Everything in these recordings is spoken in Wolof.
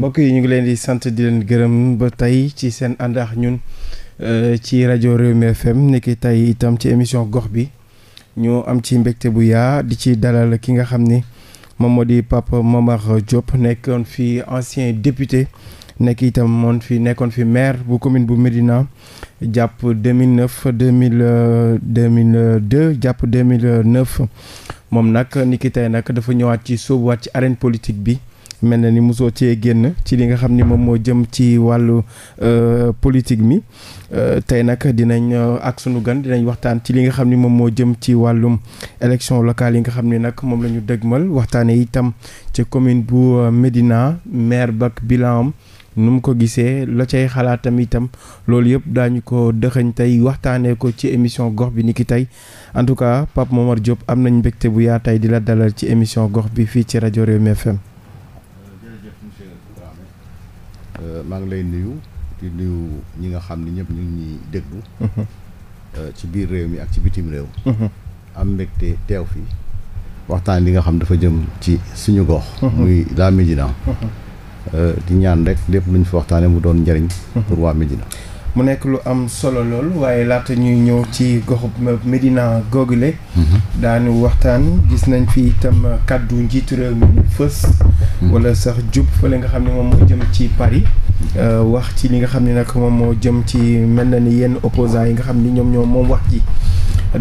mbokk yi ñu ngi leen di sant di leen gërëm ba tey ci seen ànd ak ñun euh, ci rajo Rewmi FM niki tey itam ci émission gox bi ñoo am ci mbégte bu yaa di ci dalal ki nga xam ni moom moo di Pape Momar Diop nekkoon fi ancien député nekk itam moon fi nekkoon fi maire bu commune bu Médina jàpp 2009 2000 2002 jàpp 2009 moom nag niki tey nag dafa ñëwaat ci sóobuwaat ci arène politique bi. mel na ni mosoo cee génn ci li nga xam ni moom moo jëm ci wàllu euh, politique mi euh, tey nag dinañ euh, ak sunu gan dinañ waxtaan ci li nga xam ni moom moo jëm ci wàllum élection locale yi nga xam ni nag moom la ñu dëgmal waxtaanee itam ci commune bu Médina maire bak bilan nu mu ko gisee la cay xalaatam itam loolu yëpp daañu ko dëxëñ tey waxtaanee ko ci émission gox bi ni ki tey en tout cas Pape Momar Diop am nañ mbégte bu yaa tey di la dalal ci émission gox bi fii ci rajo Rewmi FM Euh, maa ngi lay nuyu di nuyu ñi nga xam ni ñëpp ñu ngi ñuy déglu. Mhm. Euh, ci biir réew mi ak ci bitim réew. Mhm. am mbégte teew fii. waxtaan li nga xam dafa jëm ci suñu gox. Mhm. muy la Médina. Euh, di ñaan rek lépp lu fi waxtaanee mu doon njëriñ. pour waa Médina. mu nekk lu am solo lool waaye laata ñuy ñëw ci goxub Médina googule mhm. daanu waxtaan gis nañ fi itam kàddu njiitu réew mi fës mhm. wala sax jub fële nga xam ne moom moo jëm ci Paris mhm. euh, wax ci li nga xam ne nag moom moo jëm ci mel na ni yenn opposants yi nga xam ni ñoom ñoom moom wax ji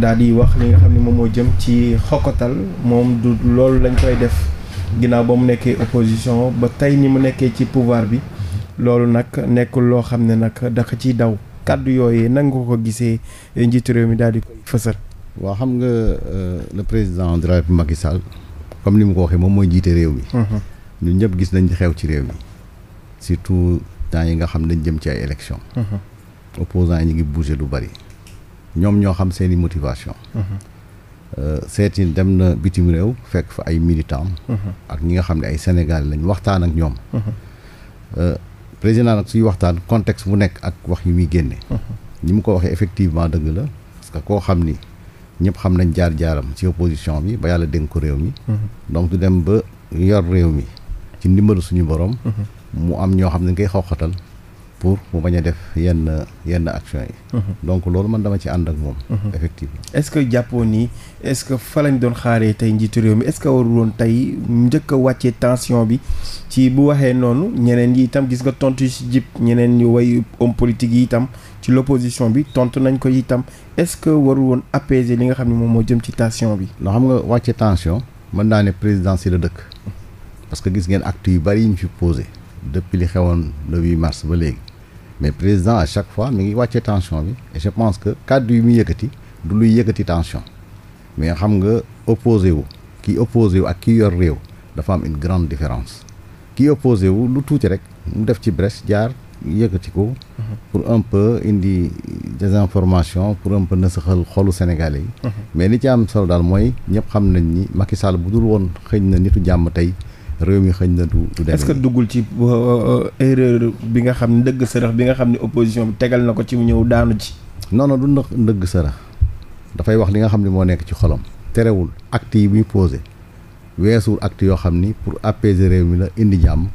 daal di wax li nga xam ne moom moo jëm ci xokotal moom du loolu lañ koy def ginnaaw ba mu nekkee opposition ba tey ni mu nekkee ci pouvoir bi loolu nag nekkul loo xam ne nag dafa ci daw kàddu yooyee nan nga ko gisee njiitu réew mi daal di koy fësal. waa xam nga euh, le président de la République Macky Sall comme ni mu ko waxee moom mooy jiite réew mi. Mhm. ñun ñëpp gis nañ xew ci réew mi surtout temps yi nga xam dañ jëm ci ay élections. Mhm. opposants yi ñu ngi bouger lu bari. ñoom ñoo xam seen i motivation. Mhm. Euh, seeti dem na bitim réew fekk fa ay militants. ak ñi nga xam ne ay Sénégal lañ waxtaan ak ñoom. Euh, président nag suy waxtaan contexte bu nekk ak wax yu muy génne. ni mu ko waxee effectivement dëgg la parce que koo xam ni ñëpp xam nañ jaar jaaram ci opposition bi ba yàlla dénk ko réew mi. donc du dem ba yor réew mi ci ndimbalu suñu borom. mu am ñoo xam ne ngay xooxatal pour mu bañ a def yenn yenn action yi. Mhm. donc loolu man dama ci ànd ak moom. Mhm. effectivement est-ce que jàppoon ni est-ce que fa lañ doon xaaree tey njiitu réew mi est-ce que warul woon tey njëkk a wàccee tension bi ci bu waxee noonu ñeneen yi itam nga tontu ci jib ñeneen ñu way homme politique yi itam ci l'opposition bi tontu nañ ko itam est-ce que warul woon apaiser li nga xam ne moom moo jëm ci tension bi. loo xam nga wàccee tension mën naa ne présidence si la dëkk mhm. parce que gis ngeen actes yu bari yi ñu fi posé depuis li xewoon le 8 mars ba léegi. mais président à chaque fois mu ngi wàccee tension bi et je pense que kàddu yi muy yëkkati du luy yëkkati tension mais xam nga opposé wu kii opposé wu ak kii yor réew dafa am une grande différence kii opposé wu lu tuuti rek mu def ci brèche jaar yëkkati ko. pour un peu indi désinformation pour un peu nasaxal xolu Sénégalais yi. Mhm. mais li ci am solo daal mooy ñëpp xam nañ ni Macky Sall bu dul woon xëñ na nitu jàmm tey. réew mi xëñ na du du demee. que duggul ci euh, euh, erreur bi nga xam ne ndëgg sërëx bi nga xam ne opposition bi tegal na ko ci mu ñëw daanu ci. non non ndëgg sërëx dafay wax li nga xam ne moo nekk ci xolom terewul acte yi muy posé weesuwul acte yoo xam ni pour apaiser réew mi la indi jàmm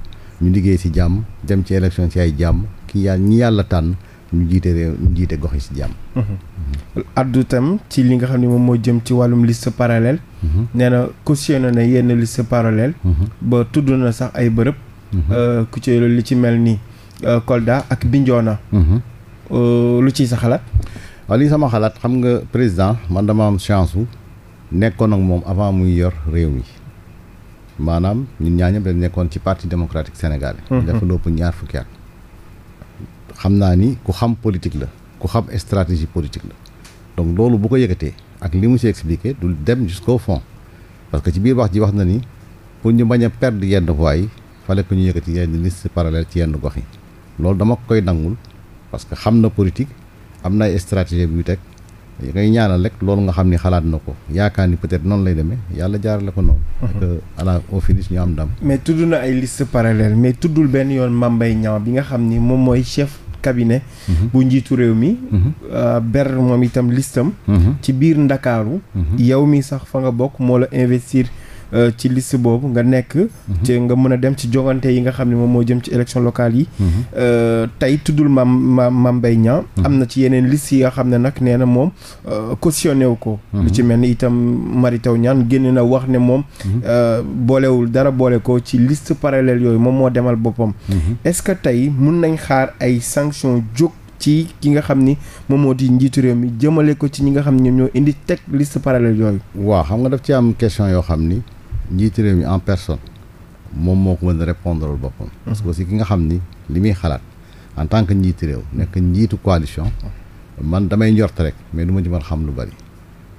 ñu liggéey si jàmm dem ci élection ci ay jàmm ki ya ñi yàlla tànn. ñu jiite réew ñu jiite gox yi si jàmm. Mm-hmm. addu ci li nga xam ne moom moo jëm ci wàllum liste parallèle. Mm-hmm. nee na cautionné na yenn liste parallèle. Mm-hmm. ba tudd na sax ay bërëb. Euh, ku ci li ci mel ni euh, Kolda ak Bignona. Euh, lu ciy sa xalaat. waaw lii sama xalaat xam nga président man dama am chance nekkoon ak moom avant muy yor réew mi maanaam ñun ñaañam dañ nekkoon ci parti démocratique sénégalais. dafa lopp ñaar fukki at. xam naa ni ku xam politique la ku xam stratégie politique la donc loolu bu ko yëkkatee ak li mu si expliqué du dem jusqu'au fond parce que ci biir wax ji wax na ni pour ñu bañ a perdre yenn voix yi fallait que ñu yëkkati yenn liste parallèle ci yenn gox yi loolu dama koy nangul parce que xam na politique am na ay stratégie bu teg ngay ñaanal rek loolu nga xam ni xalaat na ko yaakaar ni peut-être noonu lay demee yàlla jaarale ko noonu. Mhm. que à la ñu am ndam. mais tudd na ay liste parallèle mais tuddul benn yoon Mame Mbaye bi nga xam ni moom mooy chef. cabinet mhm. bu njiitu réew mi mhm. euh, ber moom itam listam mhm. ci biir ndakaaru yow mi sax fa nga bokk moo la investir Euh, ci liste boobu nga nekk. Mhm. te nga mën a dem ci jogante yi nga xam ne moom moo jëm ci élection locale yi. Mhm. Euh, tey tuddul maam maam maam Mbaye Niang mhm. am na ci yeneen liste yi nga xam ne nag nee na moom euh, cautionné wu ko. lu ci mel ni itam Mary Teuw Niane génn na wax ne moom. boolewul dara boole ko ci liste parallèle yooyu moom moo demal boppam. est-ce que tey mun nañ xaar ay sanctions jóg. ci ki nga xam ni moom moo di njiitu réew mi jëmale ko ci ñi nga xam ne ñoom ñoo indi teg liste parallèle yooyu. waaw xam nga daf ci am question yoo xam ni njiitu réew mi en personne moom moo ko mën a répondre boppam. parce que aussi ki nga xam ni li muy xalaat en tant que njiiti réew nekk njiitu coalition. man damay njort rek mais du ma ci xam lu bari.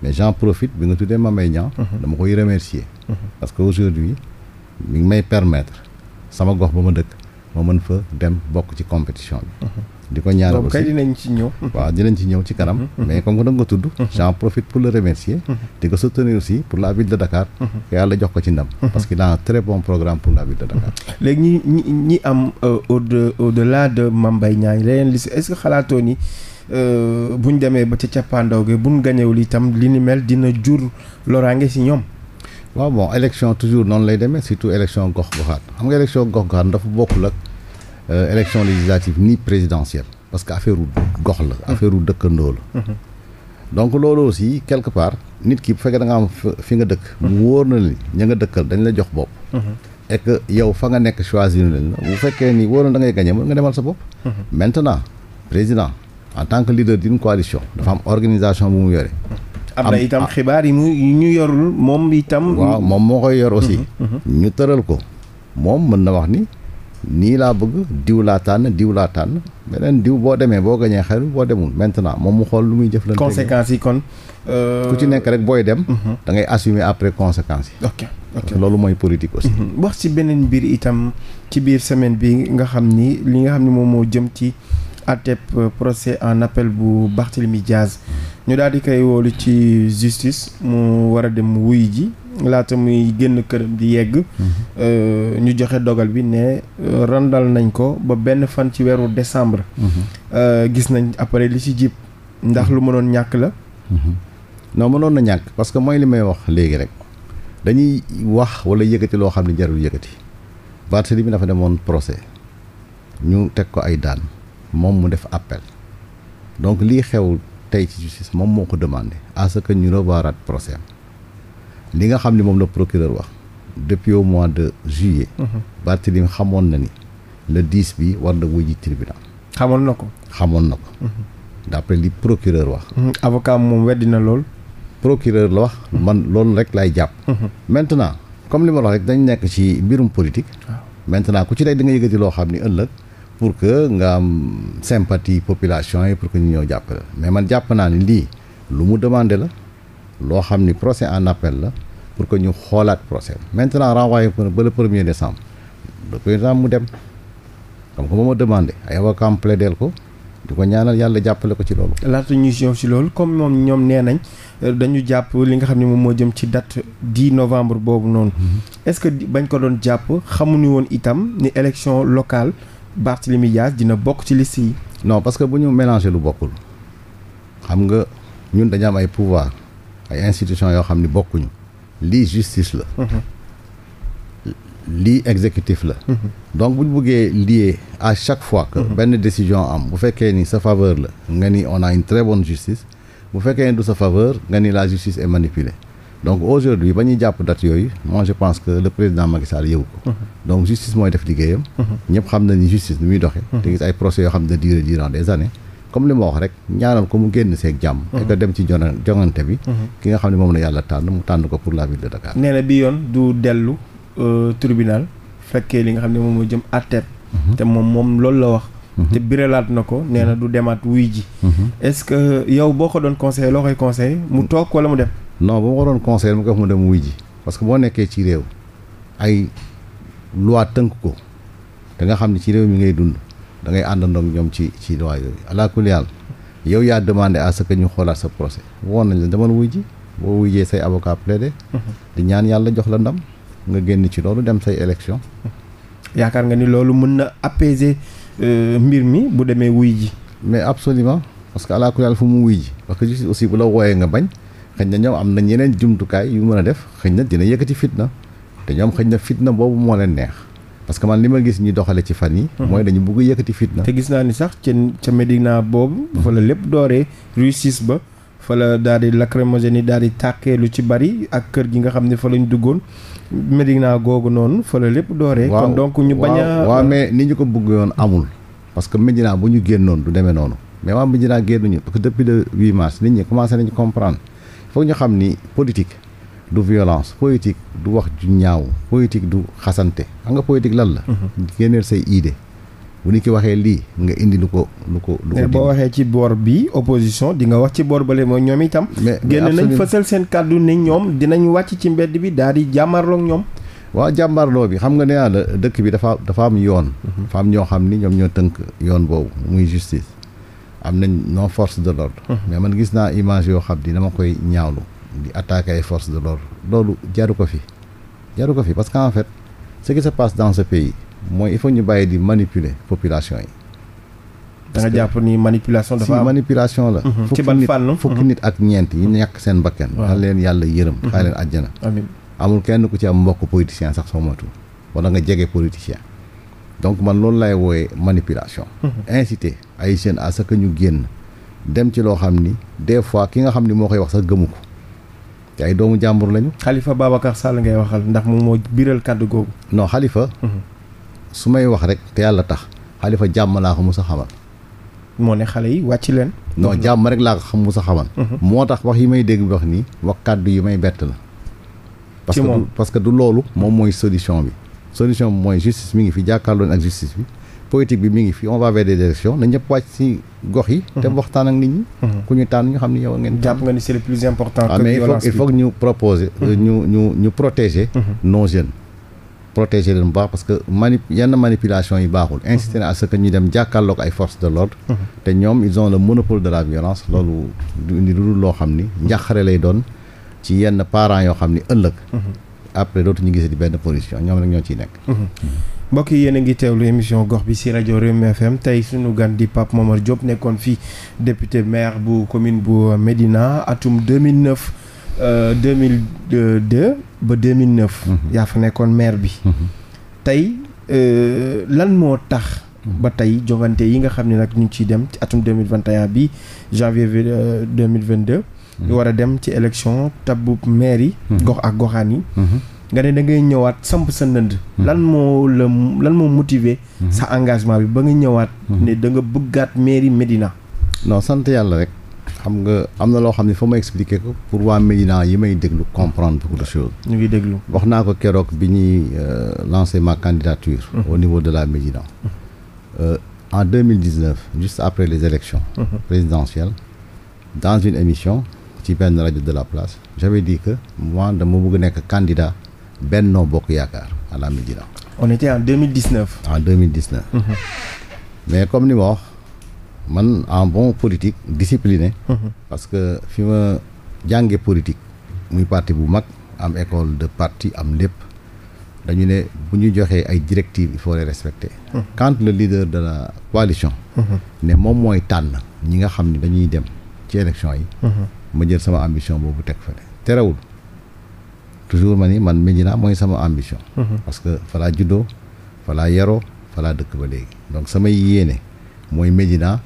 mais j'en profite bi nga tuddee ma may Niang mhm. dama koy remercier mhm. parce que aujourd'hui mi ngi may permettre sama gox ba ma dëkk ma mën fa dem bokk ci compétition bi. Mhm. di ko ñaanal aussi kay dinañ ci ñëw. waaw dinañ ci ñëw ci kanam. Mhm. mais comme que da ko tudd. Mhm. j'en profite pour le remercier. di ko soutenir aussi pour la ville de Dakar. yàlla jox ko ci ndam. parce qu'il a un très bon programme pour la ville de Dakar. léegi ñi ñi ñi am euh, au de au delà de Mame Mbaye Niang li est-ce xalaatoo ni euh, buñ demee ba ca cappaandaw gi buñ gañewul itam li ni mel dina jur loraange si ñoom. waaw bon élection toujours noonu lay demee surtout élection gox goxaat xam nga élection gox goxaat dafa bokkul ak euh, élection législative ni présidentielle parce que affaire gox la hmm. affaire u dëkkandoo la hmm. donc loolu aussi quelque part nit ki bu fekkee da nga am fi nga dëkk mu hmm. wóor na li ña nga dëkkal dañ la jox bopp et yow fa nga nekk choisir nañ la bu fekkee ni wóor na da ngay gagné nga demal sa bopp maintenant président en tant que leader d'une coalition dafa am organisation bu mu am na itam ah. xibaar yi mu ñu yorul moom itam. waaw moom moo koy yor aussi. Mhm, mhm, mhm. ñu tëral ko moom mën na wax ni. nii laa bëgg diw laa tànn diw laa tànn beneen diw boo demee boo gañee xaru boo demul maintenant moom mu xool lu muy jëflante. conséquences yi kon. Euh, ku ci nekk rek booy dem. da ngay assumer après conséquences yi. ok ok loolu mooy politique aussi. wax ci beneen biir itam ci biir semaine bi nga xam ni li nga xam ni moom moo jëm ci. àtteb euh, procès en appel bu Barthélemy Diaz ñu daal di koy woolu ci justice mu war a dem wuy ji laata muy génn këram di yegg mhm. euh, ñu joxe dogal bi ne euh, randal nañ ko ba benn fan ci weeru décembre mhm. gis nañ après li ci jib ndax lu mënoon ñàkk la mhm. non mënoon na ñàkk parce que mooy li may wax léegi rek dañuy wax wala yëkkati loo xam ne jarul yëkkati Barthélemy dafa demoon procès ñu teg ko ay daan moom mu def appel donc lii xew tey ci justice moom moo ko demandé à li nga xam ni moom la procureur wax depuis au mois de juillet. Mhm. Barthélémy xamoon na ni la 10 bi war na wuji tribunal. xamoon na ko. xamoon na ko. Mhm. d'après li procureur wax. Mhm. avocat moom weddi na lool. procureur la wax. man loolu rek laay jàpp. maintenant comme li ma wax rek dañ nekk ci mbirum politique. maintenant ku ci nekk di nga loo xam ni ëllëg. pour que nga am sympathie population yi pour que ñu ñëw jàppale mais man jàpp naa ni lii lu mu demandé la loo xam ni procès en appel la pour que ñu xoolaat procès maintenant renvoyé ba le premier décembre le président mu dem xam nga moom a demandé ay avocat am plaidel ko di ko ñaanal yàlla jàppale ko ci loolu. laata ñuy ñëw si loolu comme moom ñoom nee nañ euh, dañu jàpp li nga xam ne moom moo jëm ci date di novembre boobu noonu. Mm-hmm. est-ce que bañ ko doon jàpp xamuñu woon itam ni élection locale. Barthélemy Dias dina bokk ci liste yi. non parce que bu ñu mélanger lu bokkul xam nga ñun dañu am ay pouvoir ay institutions yoo xam ni bokkuñu lii justice la. Mhm. lii exécutif la. Mhm. donc bu ñu bëggee lier à chaque fois que. Mhm. benn décision am bu fekkee ni sa faveur la nga ni on a une très bonne justice bu fekkee ni du sa faveur nga ni la justice et manipulée. donc aujourd'hui ba ñuy jàpp date yooyu moi je pense que le président Macky Sall yëgu ko mhm. donc justice mooy def liggéeyam mhm. ñëpp xam na ni justice ni muy doxee mhm. te gis ay procès yoo xam ne duré durant des années comme li ma wax rek ñaanal ko mu génn seeg jàmm et que dem ci jona bi ki nga xam ne moom la yàlla tànn mu tànn ko pour la ville de Dakar nee na bi yoon du dellu euh, tribunal fekkee li nga xam ne moom moo jëm àtteeb te moom moom loolu la wax te biralaat na ko nee na du demaat wuy ji est-ce que yow boo ko doon conseillé loo koy conseillé mu toog wala mu dem non ba ma ko doon conseil ma ko wax mu dem wuy ji parce que boo nekkee ci réew ay loi tënk ko da nga xam ne ci réew mi ngay dund da ngay àndandoo ñoom ci ci loi yooyu alaa yow yaa demande à ce que ñu xoolaat sa procès woon nañ la demal wuy ji boo wuyjee say avocat plaidé di ñaan yàlla jox la ndam nga génn ci loolu dem say élection yaakaar nga ni loolu mën na apaiser euh, mbir mi bu demee wuy ji mais absolument parce que alaa kulli haal fu mu wuy ji parce que justice aussi bu la wooyee nga bañ xëy na ñoom am nañ yeneen jumtukaay yu mën a def xëñ na dina yëkkati fitna te ñoom xëñ na fitna boobu moo leen neex parce que man li ma gis ñu doxale ci fan yi mhm. mooy dañu bugg yëkkati fitna. te gis naa ni sax ca ca Medina boobu. Mhm. fa la lépp dooree rue ba. fa la daal di lacrymogène yi daal di tàkkee lu ci bari ak kër gi nga xam ne fa lañ duggoon. Medina googu noonu fa la lépp dooree. kon donc ñu bañ a waaw mais ni ñu ko bëggoon amul. parce Medina bu ñu génnoon du demee noonu. mais waa Medina génnuñu parce que nañu comprendre. foog ñu xam ni politique du violence politique du wax ju ñaaw politique du xasante xam nga politique lan la. Mhm. génneel say idée bu ni ki waxee lii nga indi lu ko lu ko. lu ko boo waxee ci boor bi opposition di nga wax ci boor bële mooy ñoom itam. mais génn nañ fësal seen kàddu ne ñoom dinañ wàcc ci mbedd bi daal di jàmmarloog ñoom. waaw jàmbaarloo bi xam nga ne naa dëkk bi dafa dafa am yoon. Mhm. fa am ñoo xam ni ñoom ñoo tënk yoon boobu muy justice. am nañ non force de l'ordre mais man gis naa image yoo xam ni dama koy ñaawlu di attaquer ay force de l'ordre loolu jaru ko fi jaru ko fi parce que en fait ce qui se passe dans ce pays mooy il faut ñu bàyyi di manipuler population yi da nga jàpp ni manipulation dafa am manipulation la ci ban fànn fukki nit ak ñeent yi ñàkk seen bakkan xaa leen yàlla yërëm xaa leen àjjana amiin amul kenn ku ci am mbokk politicien sax soo moytu wala nga jege politicien donc man loolu laay wooyee manipulation mhm. inciter ay jeunes à ñu génn dem ci loo xam ni des fois ki nga xam ni moo koy wax sa gëmu ko te ay doomu jàmbur lañu xalifa Babacar Sall ngay waxal ndax moom moo biral kàddu googu non xalifa mhm. su may wax rek te yàlla tax xalifa jàmm laa ko mu a xamal moo ne xale yi wàcc leen non mhm. jàmm rek laa xam mus a xamal moo tax wax yi may dégg bi wax nii wax kàddu yi may bett la parce que parce que du loolu moom mooy solution bi solution mooy justice mi ngi fi jàkkaarloon ak justice bi politique bi mi ngi fi on va vers des na ñëpp wàcc ci gox yi. Mhm. te waxtaan ak nit ñi. Mhm. ku ñu tànn ñu xam ni yow ngeen. jàpp nga ni c'est le plus important. Ah, que mais ñu mhm. ñu ñu ñu protéger. nos jeunes. protéger leen bu baax parce que mani yenn manipulation yi baaxul. inciter à ce que ñu dem jàkkaarloog ay forces de l'ordre te ñoom ils ont le monopole de la violence loolu du indi lu loo xam ni. njàqare lay doon ci yenn parents yoo xam ni ëllëg. après dootu ñu gisee di benn pollution ñoom nag ñoo ciy nekk. Mhm. mbokk yi yéen ngi teewlu émission gox bi ci rajo Rewmi FM tey suñu gan di Pape Momar Diop nekkoon fii député maire bu commune bu Médina atum 2009 2002 euh, ba 2009. Mhm. yaa fa nekkoon maire bi. Mhm. tey euh, lan moo tax. ba tey jongante yi nga xam ne nag ñu ngi ciy dem ci atum 2021 bi janvier 2022. Euh, ñu war a dem ci élection tabbu maire yi. Hmm. gox ak goxaan yi. Hmm. nga ne da ngay ñëwaat samp sa ndënd. Hmm. lan moo la lan moo motiver. sa engagement bi ba nga ñëwaat. ne danga nga bëggaat mairie Médina. non sant yàlla rek. xam nga am na loo xam ne fa ma expliquer ko pour waa Médina yi may déglu comprendre beaucoup de choses. ñu ngi déglu wax naa ko keroog bi ñuy euh, lancer ma candidature. au niveau de la Médina. Euh, en deux mille dix neuf juste après les élections présidentielles dans une émission. ci benn rajo de la place j'avais dit que moi dama bëgg nekk candidat Benno Bokk Yaakaar à la Médina. on était en 2019. en 2019. Mm mm-hmm. mais comme ni ma wax man en bon politique discipliné. Mm parce que fi ma jànge politique muy parti bu mag am école de parti am lépp dañu ne bu ñu joxee ay directives il faut les respecter. Mm le leader de la coalition. ne moom mooy tànn ñi nga xam ni dañuy dem ci élection yi. ma jël sama ambition boobu teg fa terewul toujours ma ni man Médina mooy sama ambition. Mhm. parce que fa laa juddoo fa laa yaroo dëkk ba léegi. donc samay yéene mooy Médina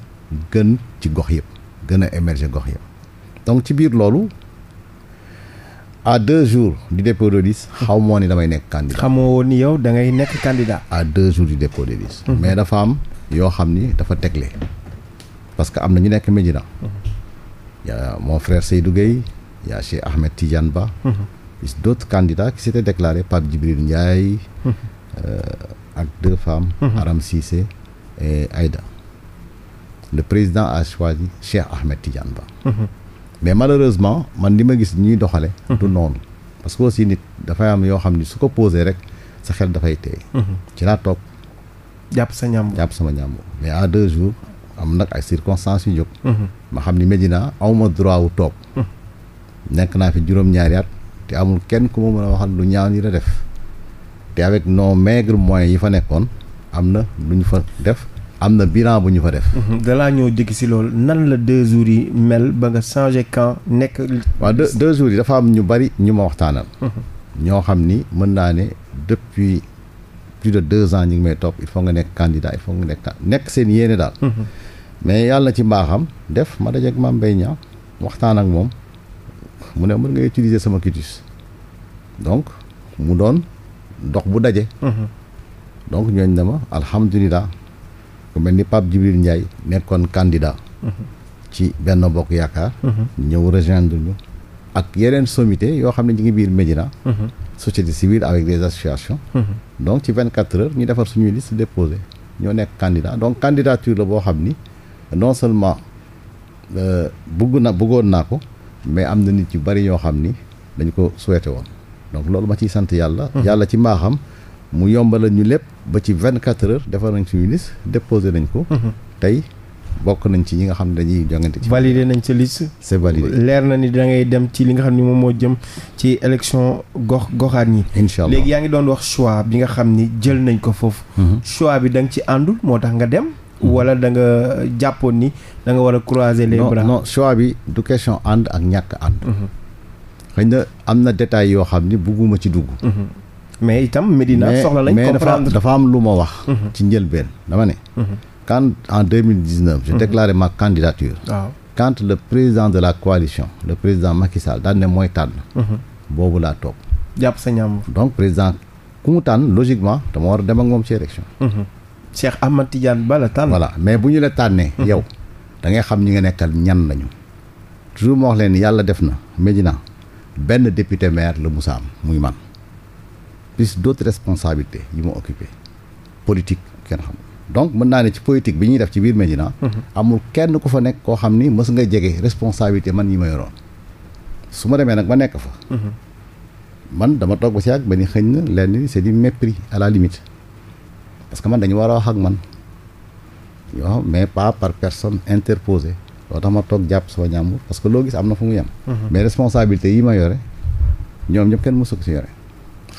gën ci gox yëpp gën a émerger gox yëpp donc ci biir loolu. à deux jour di dépôt de liste xaw moo ni damay nekk candidat xamoo woon ni yow da ngay nekk candidat à deux jours du dépôt de mhm. mais dafa am yoo xam ni dafa tegle parce que am na ñu nekk Médina mhm. y a mon frère Seydou Gueye y a Cheikh Ahmed Tidiane Ba mm -hmm. d'autres candidats qui s'étaient déclarés Pape Djibril Ndiaye mm -hmm. Aram Cissé et Aïda le président a choisi Cheikh Ahmed Tidiane Ba mhm. mais malheureusement man li ma gis ñuy doxale mhm. du noonu parce que aussi nit dafay am yoo xam ni su ko posé rek sa xel dafay teey ci laa toog jàpp sa ñàmb jàpp mais à deux jours am nag ay circonstances yu jóg ma xam ni Medina awma droit wu toog nekk naa fi juróom-ñaari te amul kenn ku ma mën a waxal lu ñaaw ni la def te avec nos maigres moyens yi fa nekkoon am na lu ñu fa def am na bilan bu ñu fa def. Mhm. dalaa ñëw dikk si loolu nan la deux jours yi mel ba nga changé camp nekk. waaw deux deux jours yi dafa am ñu bari ñu ma waxtaanal. Mhm. ñoo xam ni mën naa ne depuis plus de deux ans ñu ngi may toog il faut nga nekk candidat il faut nga nekk nekk seen yéene daal. Mhm. mais yàlla ci mbaaxam def ma dajeeg Mame Mbaye Niang waxtaan ak moom mu ne mën nga utiliser sama quitus donc mu doon dox bu daje. Mhm. donc ñooñ na ma alhamdulilah ku mel ni Pape Djibril Ndiaye nekkoon candidat. Mhm. ci benn bokk yaakaar. Mhm. ñëw rejoindre ñu. ak yeneen sommité yoo xam ne ñu ngi biir Médina. société civile avec des associations. donc ci vingt quatre heures ñu defar suñuy liste déposé ñoo nekk candidat donc candidature la boo xam ni. non seulement euh, bëgg na bëggoon naa ko mais am na nit yu bari ñoo xam ni dañ ko souhaité woon donc loolu ma ciy sant yàlla. Mhm. yàlla ci maaxam mu yombala ñu lépp ba ci vingt quatre heures defar nañ suñu liste déposé nañ ko. Mhm. tey bokk nañ ci ñi nga xam ne dañuy jongante ci. validé nañ sa liste. c'est validé leer na ni da ngay dem ci li nga xam ni moom moo jëm ci élection gox goxaat ñi. incha allah léegi yaa ngi doon wax choix bi nga xam ni jël nañ ko foofu. Mhm. choix bi danga nga ci moo tax nga dem. wala da nga jàppoon ni danga war a croiser les bras. non non choix bi du question ànd ak ñàkk ànd. Mhm. xëy na am na détails yoo xam ni bugguma ci dugg. Mhm. mais itam Medina soxla lañ. comprendre mais dafa am lu ma wax. Mhm. ci njëlbeen dama ne. quand en deux mille dix neuf. j'ai déclaré ma candidature. waaw ah. quand le président de la coalition le président Macky Sall daan ne mooy tànn. boobu laa toog. jàpp sa ñaam. donc président ku mu tànn logiquement dama war a dem ak moom ci élection. Cheikh Ahmad Tidiane Ba la mais bu ñu la tànnee. Mhm. yow dangay xam ñi nga nekkal ñan lañu. toujours moo wax leen yàlla def na Médina benn député maire la musa am muy man plus d' autres responsabilités yi ma occupé politique kenn xam donc mën naa ne ci politique bi ñuy def ci biir Médina. Mhm. amul kenn ku fa nekk koo xam ni mës nga jege responsabilité man yi ma yoroon su ma demee nag ma nekk fa. Mhm. man dama toog ba si yàgg ba ni xëñ na lenn c'est du mépris à la limite. parce que man dañu war a wax ak man waaw mais pas par personne interposée loo tax ma toog jàpp sama ñàmbur parce que loo gis am na fu mu yem. Mhm. mais responsabilité yi ma yore ñoom ñëpp kenn mësu ko ci yore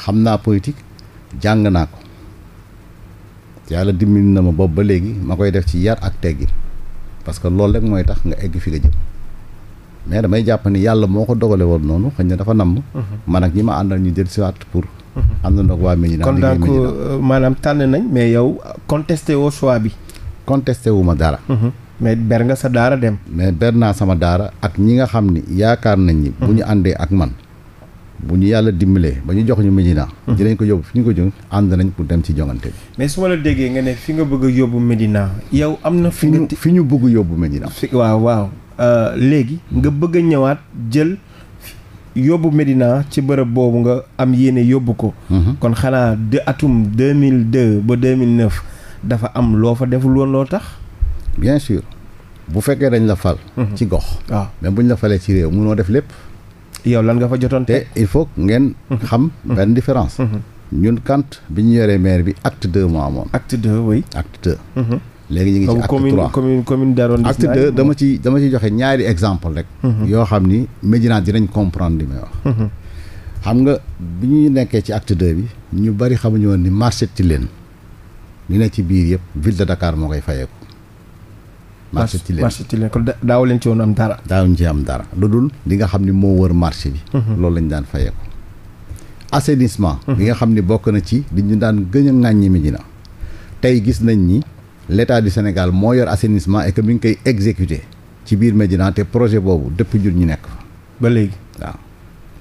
xam naa politique jàng naa ko yàlla dimbali na ma boobu ba léegi ma koy def ci yar ak teggi parce que loolu rek mooy tax nga egg fi nga jëm. mais damay jàpp ni yàlla moo ko dogale woon noonu xëy na dafa namm. Mhm. man ak ñi ma àndal ñu jël si waat pour. Mhm. àndandoo ak waa Médina kon donc euh, maanaam tànn nañ mais yow contesté woo choix bi. contesté wu ma dara. Mhm. mais ber nga sa daara dem. mais ber naa sama daara ak ñi nga xam ni yaakaar nañ ni. bu ñu àndee ak man. bu ñu yàlla dimbalee ba ñu jox ñu Médina. dinañ ko yóbbu fi ñu ko jóg ànd nañ pour dem ci joŋante bi. mais su ma la déggee nga ne fi nga bëgg a yóbbu Médina yow am na. fi ñu fi ñu bëgg yóbbu Médina. waaw waaw. Euh, léegi nga bëgg a ñëwaat jël yóbbu Médina ci bërëb boobu nga am yéene yóbbu ko. Mhm. kon xanaa de atum deux mille deux ba deux mille neuf dafa am loo fa deful woon loo tax. bien sûr bu fekkee dañ la fal. Mhm. ci gox. waaw ah. même bu la falee ci réew munoo def lépp. yow lan nga fa jotoon te il faut ngeen. Mhm. xam benn différence. ñun kant bi ñu yoree maire bi acte deux moo amoon. acte deux oui. léegi ñu ngi ci acte trois commune commune d'arrondissement dama ci dama ci joxe ñaari exemple rek. Mhm. yoo xam ni Médina dinañ comprendre li may wax. Mhm. xam nga bi ñu nekkee ci acte de bi ñu bari xamuñu woon ni marché Tilène li ne ci biir yëpp ville de Dakar moo koy fayeeku. marché Tilène marché Tilène kon daaw leen ci woon am dara. daawuñ ci am dara lu dul li xam ni moo wër marché bi. Mhm. loolu lañ daan fayeeku. assainissement. li nga xam ni bokk na ci li ñu daan gën a ŋàññi Médina tey gi nañ ni. l'état du Sénégal moo yor assainissement et que mi ngi koy exécuter ci biir Médina te projet boobu depuis jur ñu nekk ba léegi waaw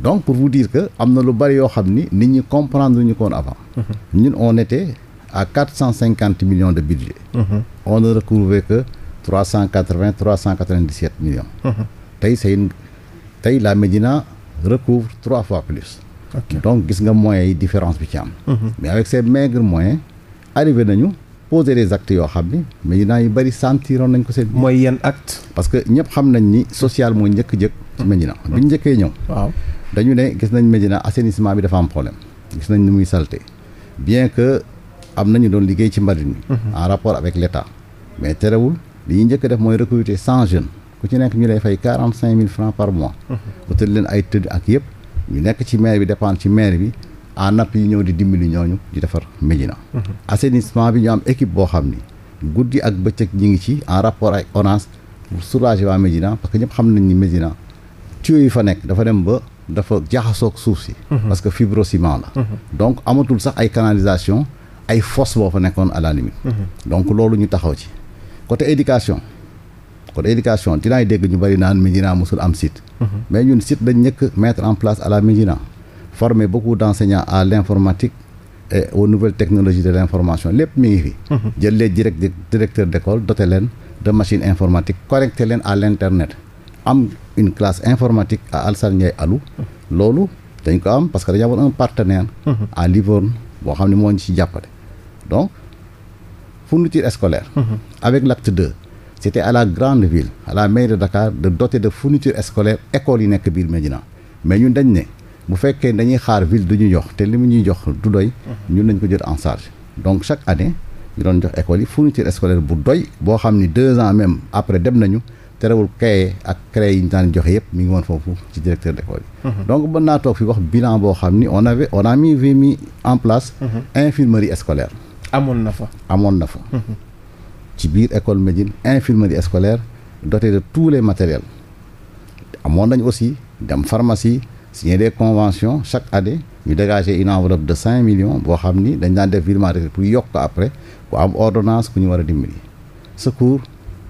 donc pour vous dire que am na lu bari yoo xam ni nit ñi comprendre ñu ko woon avant mhm. ñun on était à quatre cent cinquante millions de budget mhm. on ne recouvré que trois cent quatre-vingt trois cent quatre-vingt-dix-sept millions mhm. tey c'est une tey la Médina recouvre donc gis nga moyens yi différence bi ci am mais avec ces maigres moyens arrivé nañu poser des yoo xam ni Médina yu bëri sentiroon nañ ko seen. mooy yenn acte parce que ñëpp xam nañ ni social mooy njëkk jëkk ci Médina mm. bi ñu njëkkee ñëw. waaw dañu ne gis nañ Médina assainissement bi dafa am problème gis nañ ni muy salté bien que am nañu doon liggéey ci mbalit mi. Mm-hmm. en rapport avec l' état mais terewul li ñu jëkk def mooy recruter cent jeunes ku ci nekk ñu lay fay cinq mille francs par mois. Mm-hmm. utal leen ay tëdd ak yëpp ñu nekk ci maire bi dépendre ci maire bi. en appui ñëw di dimbali ñooñu di defar Médina mhm. assainissement bi ñu am équipe boo xam ni guddi ak bëccëg ñi ngi ci en rapport ak ONAS pour soulager waa Médina parce que ñëpp xam nañ ni Médina tuyau yi fa nekk dafa dem ba dafa jaxasoog suuf si mhm. parce que fibrociment la mhm. donc amatul sax ay canalisation ay fosse boo fa nekkoon à la limite donc loolu ñu taxaw ci côté éducation côté éducation dinaay dégg ñu bari naan Médina mosul am site mais ñun site dañ njëkk à la Médina former beaucoup d'enseignants à l'informatique et aux nouvelles de l'information lépp mi fi. Mhm. jël les direct directeurs d'école doté leen de machines informatiques connecté leen à l'internet am une classe informatique à Alassane Ndiaye Alou mhm. loolu dañ ko am parce que dañu amoon un partenaire mhm. à Livorno boo xam ne moo ñu ci jàppale donc fourniture scolaire avec l'acte 2 c'était à la grande ville à la mairie de Dakar de doter de fourniture scolaire école yi nekk biir mais ñun dañ bu fekkee dañuy xaar ville duñu ñu jox te li mu ñuy jox du doy ñun nañ ko jël en charge donc chaque année ñu doon jox école yi fourniture scolaire bu doy boo xam ni deux ans même après dem nañu terewul kaye ak cré yi ñu daan joxe yëpp mi ngi woon foofu ci directeur d'école yi mhm. donc mën naa toog fi wax bilan boo xam ni on avait on a mis mis en place mhm. infirmerie scolaire amoon na fa amoon na fa mhm. ci biir école Médine infirmerie scolaire dotée de tous les matériels amoon nañ aussi dem pharmacie signer des conventions chaque année ñu dégager une enveloppe de cinq millions boo xam ni dañ daan def virement de pour après ku am ordonnance ku ñu war a dimbali secours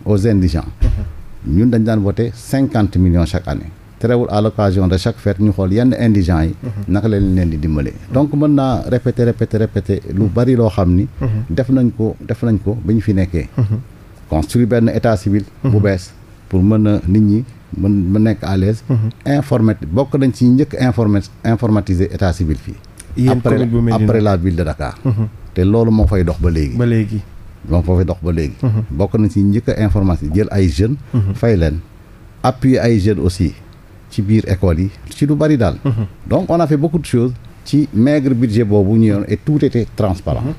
aux indigents mhm. ñun dañ daan voté cinquante millions chaque année terewul à de chaque fête ñu xool yenn indigents yi mhm. naka lañ leen di dimbalee donc mën naa répéter répéter répéter lu bari loo xam ni mhm. def nañ ko def nañ ko ba ñu fi nekkee construire benn état civil bu bees pour mën mën ma nekk à l'aise mhm. informati bokk nañ ci njëkk informa informatiser état fii après la ville de Dakar mhm. te loolu moo fay dox ba léegi ba léegi moo fay dox ba léegi mhm. bokk nañ ci njëkk a informatiser jël ay jeunes fay leen appuyer ay jeunes aussi ci biir école yi ci lu bari daal donc on a fait beaucoup de ci maigre budget boobu ñu yoon et tout était transparent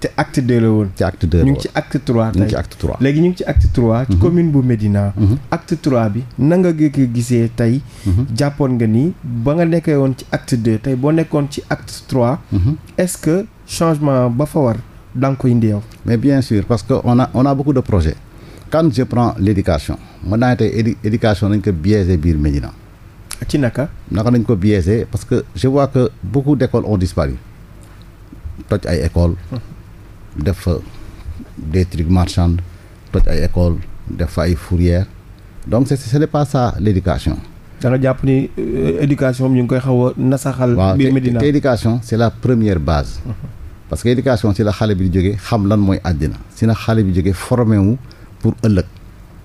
te acte deux la woon. ci acte deux ñu ngi ci acte trois tey ñu ngi ci léegi ñu ngi ci acte trois. ci mhm. commune bu Médina. Mhm. acte trois bi gi nga gisee tey. Mhm. jàppoon nga nii ba nga nekkee woon ci acte deux tey boo nekkoon ci acte trois. est-ce que changement ba fa war da koy indi yow. mais bien sûr parce que on a on a beaucoup de projet quand je prends l'éducation mën naa tey éducation nañ ko biaisé biir Médina. ci naka. naka nañ ko biaisé parce que je vois que beaucoup d'écoles ont disparu toj ay écoles. def fa des trucs marchands toj ay école def fa ay fourrière donc c' est ce n' est pas ça l' éducation. da jàpp ni euh, éducation ñu ngi koy xaw a nasaxal. biir Médina waaw te éducation c' est la première base. Mhm. parce que éducation si la xale bi di jógee xam lan mooy àddina si na xale bi jóge formé wu pour ëllëg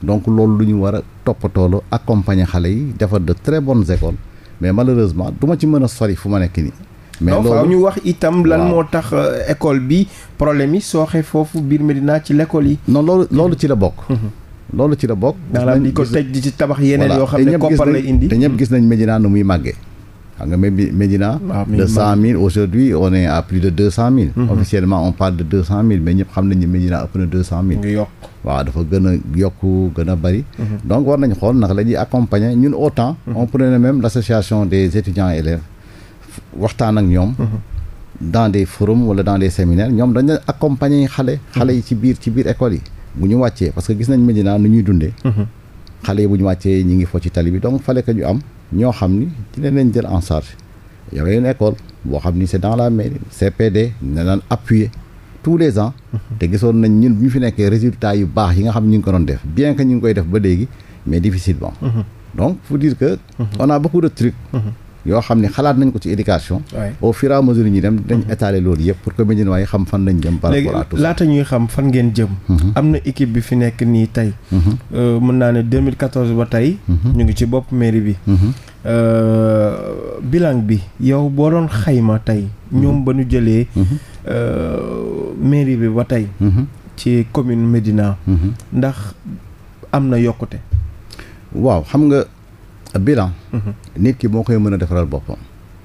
donc loolu lu ñu war a toppatoolu accompagner xale yi defar de très bonnes écoles mais malheureusement du ma ci mën a sori fu ma nekk nii. mais loolu faaw ñu wax itam lan moo tax euh, école bi problème yi sooxe foofu biir Médina ci l'école yi. no loolu loolu ci la bokk. Mhm. loolu ci la bokk. maanaam di ko tëj di ci tabax yeneen yoo xam ne koppar lay indi te ñëpp gis nañ Médina nu muy màggee. xam nga même Médina de mhm. officiellement on parle de mais ñëpp xam nañ ne ëpp na deux cent yokk waaw dafa gën a yokku gën a bëri mhm. donc war nañ xool nag la ñuy ñun autant on prenait même l' des étudiants élèves waxtaan ak ñoom. Mhm. dans des forums wala dans ñoom séminaires ñoom dañ leen accompagner xale. Mhm. xale yi ci biir ci biir école yi. bu ñu wàccee parce que gis nañ Médina nu ñuy dundee. Mhm. xale yi bu ñu wàccee ñi ngi fo ci tali bi donc fallait que ñu am ñoo xam ni dinañ leen jël en charge. y avait école boo xam ni c'est dans la mairie CPD na daan appuyer tous les ans. te gisoon nañ ñun bu ñu fi nekkee résultat yu baax yi nga xam ñu ngi ko doon def bien que ñu ngi koy def ba léegi mais difficilement. donc faut dire yoo xam ne xalaat nañ ko ci éducation au fur et à mesure ñuy dem dañ étaler loolu yëpp pour que Médina yi xam fan lañ par rapport laata ñuy xam fan ngeen jëm mhm. am na équipe bi fi nekk nii tey mhm. euh, mën naa ne 2014 ba tey mhm. ñu ngi ci bopp mairie bi euh, bilan bi yow boo doon xayma tey ñoom ba ñu jëlee euh, bi ba tey ci commune Médina ndax am na yokkute waaw xam nga bilan. Mhm. nit ki moo koy mën a defaral boppam.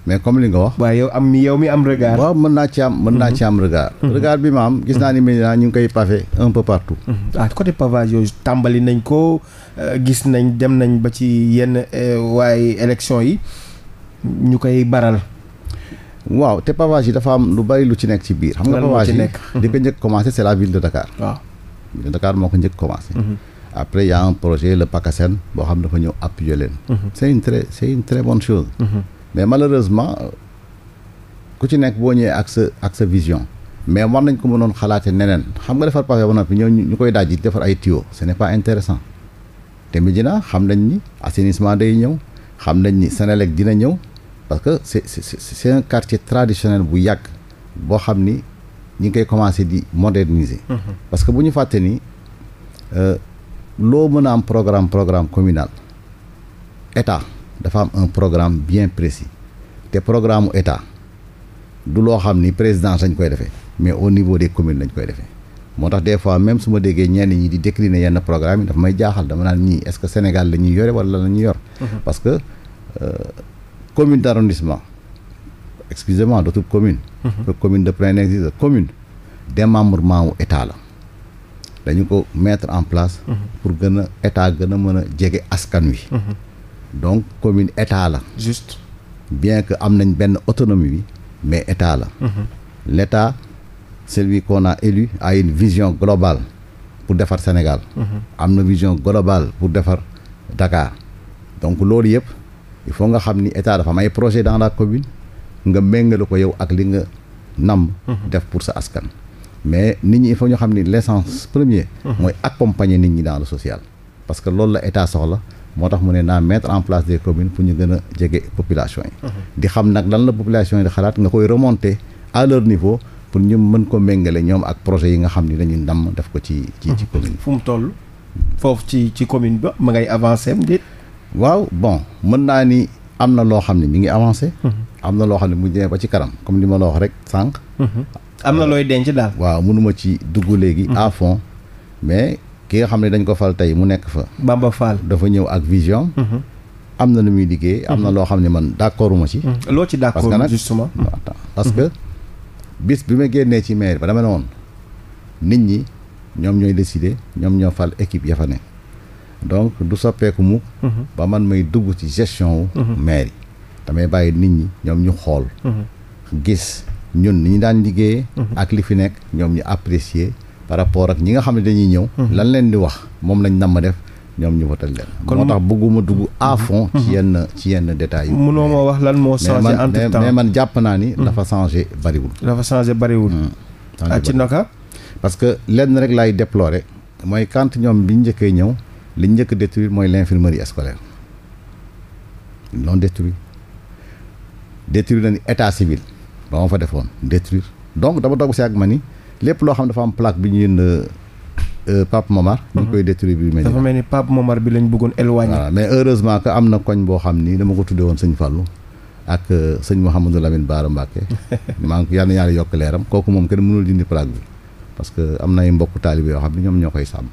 mais comme li nga wax. waaye yow am yow mi am regard. waaw mën naa ci am mën naa mhm. ci am regard. Mhm. regard bi ma am gis naa ni Médina ñu ngi koy pavé un peu partout. ah tàmbali nañ ko euh, gis nañ dem nañ ba ci yenn euh, waaye yi ñu koy baral. waaw te pavage yi dafa am lu bari lu ci nekk ci biir. xam nga pavage yi li ko njëkk commencé c'est la ville de Dakar. waaw de Dakar moo ko njëkk commencé. après il y a un projet le PACASEN boo xam dafa ñëw appuyer leen. Mhm. c' une très c' chose. Mhm. mais malheureusement ku ci nekk boo ñëwee ak sa ak sa vision. mais war nañ ko mënoon xalaatee neneen xam nga defar pavé ba noppi ñëw ñu koy daaj di defar ay tuyaux ce n' est pas intéressant te Médina xam nañ ni assainissement day ñëw xam nañ ni Sénélec dina ñëw parce que c' est c' est un quartier traditionnel bu yàgg boo xam ni ñu ngi koy commencé di moderniser. Mhm. parce que bu ñu fàtte ni. Euh, loo mën a am programme programme communal état dafa am un programme bien précis te programme mu état du loo xam ni présidence lañ koy defee mais au niveau des commune lañ koy defee moo tax des fois même su ma déggee ñenn ñi di décliner yenn programme yi dafa may jaaxal dama naan ñii est que Sénégal la ñuy yore wala la ñuy yor. Mhm. parce que euh, commune d'arrondissement excusez-moi d'autres communes. Mhm. commune de plein exercice commune démembrement wu état la. dañu ko metre en place. Mhm. pour gën a état gën a mën a jege askan wi. Mhm. donc commune état la. juste bien que am nañ benn autonomie bi mais état la. Mhm. l' état celui qu'on a élu a vision globale pour defar Sénégal. am na vision globale pour defar Dakar donc loolu yëpp il faut nga xam ni état dafa am ay projet dans la commune nga méngale ko yow ak li nga nam def pour sa askan. mais nit ñi il faut ñu xam ni l'essence premier. mooy accompagner nit ñi dans le social. parce que loolu la état soxla moo tax mu ne naa mettre en place des communes pour ñu gën a jege population yi. di xam nag lan la population yi di xalaat nga koy remonter à leur niveau pour ñu mën ko méngale ñoom ak projet yi nga xam ni dañuy ndam def ko ci ci ci commune fu mu toll foofu ci ci commune ba ma ngay avancer am waaw bon mën naa ni am na loo xam ne mu ngi avancer. am na loo xam ne mu jëmee ba ci kanam comme li ma la wax rek sànq. am na looy denc daal. waaw mënuma ci dugg léegi. Mm-hmm. à fond mais ki nga xam ne dañ ko fal tey mu nekk fa. Bamba fal dafa ñëw ak vision. Mm-hmm. am na lu muy liggéey. am na mm-hmm. loo xam ne man d' accord ma ci. loo ci d' accord justement parce que bis bi ma génnee ci maire ba dama ne woon nit ñi ñoom ñooy décider ñoom ñoo fal équipe ya fa ne donc du soppeeku mu. ba man may dugg ci gestion wu. maire yi damay bàyyi nit ñi ñoom ñu xool. gis ñun ni ñu daan liggéeyee. Mhm. ak li fi nekk ñoom ñu apprécier par rapport ak ñi nga xam ne dañuy ñëw. Mhm. lan leen di wax moom lañ nam ma def. ñoom ñu votal leen. kon moo bëgguma dugg à mhm. fond. yenn ci yenn détails yi. mënoo ma wax lan moo changé entre temps mais man jàpp naa ni. dafa changé bariwul. dafa changé bariwul. Hmm. ci naka. parce que lenn rek laay déplorer. mooy quand ñoom bi ñu njëkkee ñëw li ñu njëkk détruire mooy l' infirmerie scolaire non détruire détruire nañu état civil. ba ma fa defoon détruire donc dama toog si ak ma ni lépp loo xam dafa am plaque bi ñu yënd euh, Pape Momar. ñu ngi mhm. koy détruire bi Médina dafa mel ni Pape Momar bi lañ bëggoon éloigner. voilà mais heureusement que am na koñ boo xam ni dama ko tuddee woon sëñ Fallou ak euh, sëñ Mouhamadou Lamine Bara Mbacké maa ngi yal na yàlla yokk leeram kooku moom kenn mënul dindi plaque bi parce que am na ay mbokku taalibe yoo xam ne ñoom ñoo koy sàmm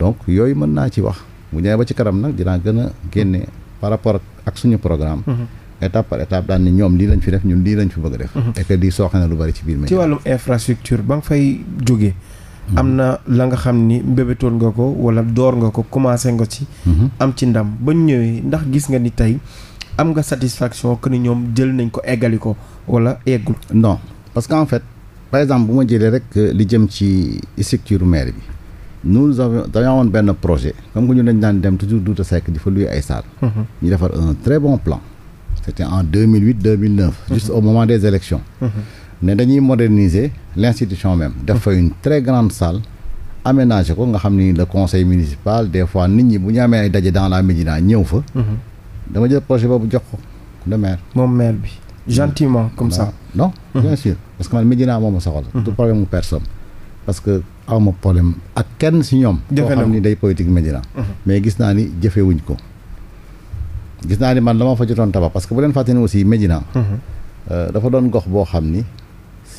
donc yooyu mën naa ci wax mu ñëwee ba ci kanam nag dinaa gën a génne par rapport ak suñu programme. Mhm. étape par étape daan ni ñoom lii lañ fi def ñun lii lañ fi bëgg a def. Mhm. et que di sooxe na lu bari ci biir. ci wàllum infrastructure ba nga fay jógee. Mhm. am na la nga xam ni mbébétoon nga ko wala door nga ko commencé nga ci. Mhm. am ci ndam ba ñu ñëwee ndax gis nga ni tey am nga satisfaction que ni ñoom jël nañ ko eggali ko wala eggul. non parce que en fait par exemple bu ma jëlee rek euh, li jëm ci structure maire bi. nous avons dañoo amoon benn projet. xam nga ñu dañ daan dem toujours Douta Seck di fa luy ay salle. c'était en 2008 2009 juste au moment des élections ne dañuy moderniser l'institution même dafa une très grande salle aménagé ko nga xam ni le conseil municipal des fois nit ñi bu ñu amee ay daje dans la médina ñëw fa dama jël projet boobu jox ko le maire moom maire bi gentiment comme ça non bien mhm. sûr parce que man médina moom ma soxal mhm. du problème mu personne parce que awma problème ak kenn si ñoom koo xam ni day politique médina mhm. mais gis naa ni jëfewuñ ko gis naa ni man la fa jotoon tabax parce que bu leen fàtte ni aussi Médina mhm. euh, dafa doon gox boo xam ni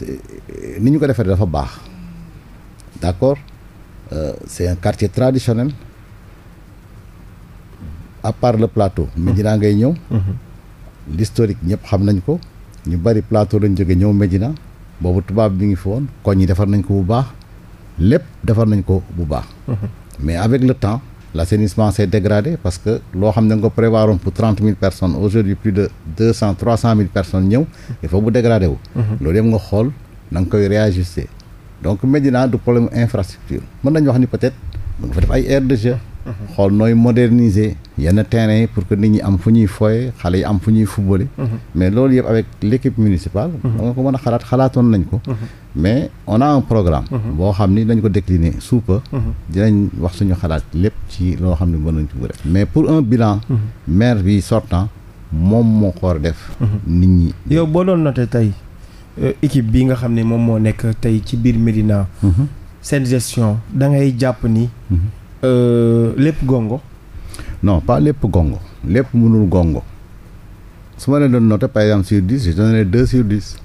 euh, ni ñu ko defee dafa baax d'accord euh, c'est un quartier traditionnel à part le plateau Médina ngay ñëw mhm. l'historique ñëpp xam nañ ko ñu bari plateau lañ jóge ñëw Médina boobu tubaab bi ngi foon woon koñ yi defar nañ ko bu baax lépp defar nañ ko bu baax mhm. mais avec le temps l'assainissement s'est dégradé parce que loo xam ne nga ko prévoir woon pour personnes aujourd'hui plus de personnes ñëw il faut mu dégradé wu mhm. nga xool na koy réajuster donc Médina du problème infrastructure mën nañu wax ni peut mu nga fa def ay aire de jeu xool nooy moderniser yenn terrain yi pour que nit ñi am fu ñuy fooye xale yi am fu ñuy footballé mais loolu yëpp avec l' équipe municipale mhm. da nga ko mën a xalaat xalaatoon nañ ko mhm. mais on a un programme mhm. boo xam ni dañ ko décliner sous peu dinañ wax suñu xalaat lépp ci loo xam ne bi sortant moom moo ko war def nit ñi yow boo doon noté tey euh, équipe bi nga xam ne moom moo nekk tey ci biir Médina seen gestion da jàpp ni Euh, lépp gongo. non pas lépp gongo lépp mënul gongo su ma leen doon noté par exemple sur dix je donnerais deux sur dix.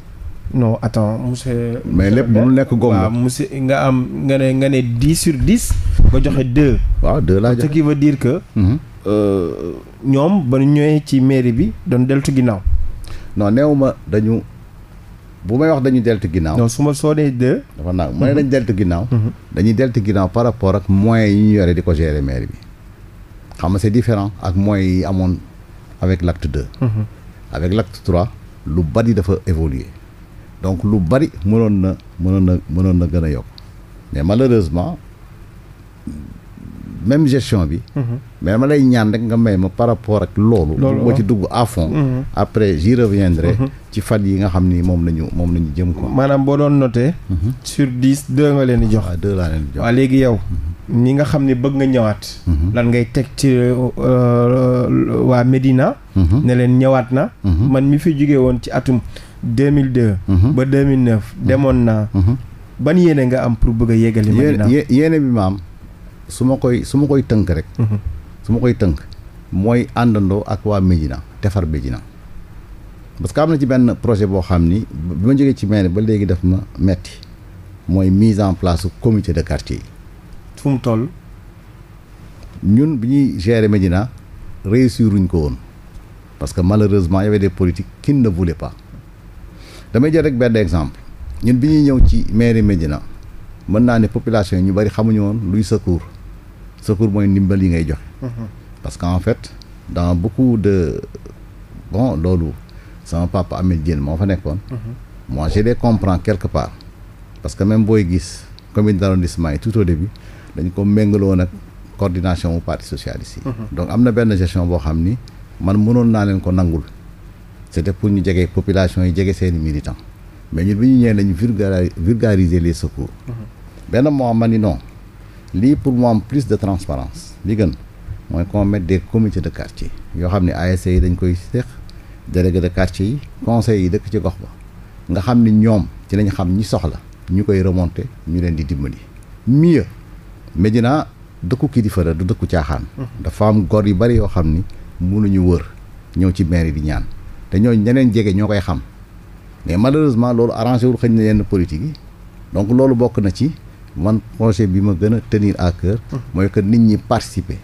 non attends monsieur. mais lépp mënul nekk gongo waaw monsieur nga am nga ne nga ne dix sur dix. ba joxe deux. waaw deux laa joxe ce veut dire que. Mhm. Euh, ñoom ba ñu ñëwee ci mairie bi doon deltu ginnaaw. non néew ma dañu bu may wax dañu deltu ginnaaw. su ma soo dee de. dafa naa mu dañu mhm. deltu ginnaaw. Mhm. dañuy deltu ginnaaw par rapport ak moyens yi ñu yore di ko gérer maire bi xam nga c'est différent ak moyens yi amoon avec l'acte deux. Mhm. avec l'acte trois lu bari dafa évoluer donc lu bari mënoon na mënoon na mënoon na gën a yokk mais malheureusement même gestion bi. Mhm. mais ma lay ñaan rek nga may ma par rapport ak loolu. loolu moo ci dugg à après mhm. après j'y reviendrai. Mhm. ci fan yi nga xam ni moom la ñu moom la jëm ko maanaam boo doon noté. sur dix deux ma leen di jox. waaw deux laa leen di jox léegi yow. ñi nga xam ne bëgg nga ñëwaat. lan ngay teg ci euh, waa Medina. ne leen ñëwaat na. man mi fi jóge woon ci atum deux mille deux. ba deux mille neuf demoon na ban yéene nga am pour bëgg a yeggali. Medina yéene bi ma su ma koy su ma koy tënk rek. Mhm. su ma koy tënk mooy àndandoo ak waa Médina defar Médina parce que am na ci benn projet boo xam ni bi ma jógee ci maire ba léegi daf ma metti mooy mise en place comité de quartier yi. fu toll. ñun bi ñuy gérer Médina réussir ruñ ko woon parce que malheureusement y avait des politiques qui ne voulaient pas damay jël rek benn exemple ñun bi ñuy ñëw ci mairie Médina mën naa ne population yi ñu bari xamuñu woon luy secours. secours mooy ndimbal yi ngay joxe. Mhm. parce que en fait dans beaucoup de bon loolu sama papa amee Dieng moo fa nekkoon. Mhm. moi je les comprends quelque part. parce que même booy gis commune d'arrondissement yi tout au début dañ ko méngaloo nag coordination mu parti socialiste yi. Mhm. donc am na benn gestion boo xam ni man mënoon naa leen ko nangul. c'était pour ñu jege population yi jege seeni militants mais ñun bi ñu ñëwee nañu vulgariser les secours. benn moo ma ni non. lii pour mu am plus de transparence li gën mooy qu'on mette des de quartier yoo xam ne ASC yi dañ koy seq délégué de quartier yi conseil yi dëkk ci gox ba nga xam ni ñoom ci lañ xam ñi soxla ñu koy remonter ñu leen di dimbali. mieux Médina dëkku kilifa la du dëkku caaxaan. dafa am góor yi bari yoo xam ni mënuñu wër ñëw ci maire yi di ñaan te ñooñu ñeneen jege ñoo koy xam mais malheureusement loolu arrangé wul xëñ na yenn politique yi donc loolu bokk na ci. man projet bi ma gën a tenir à cœur mhm. mooy que nit ñi participer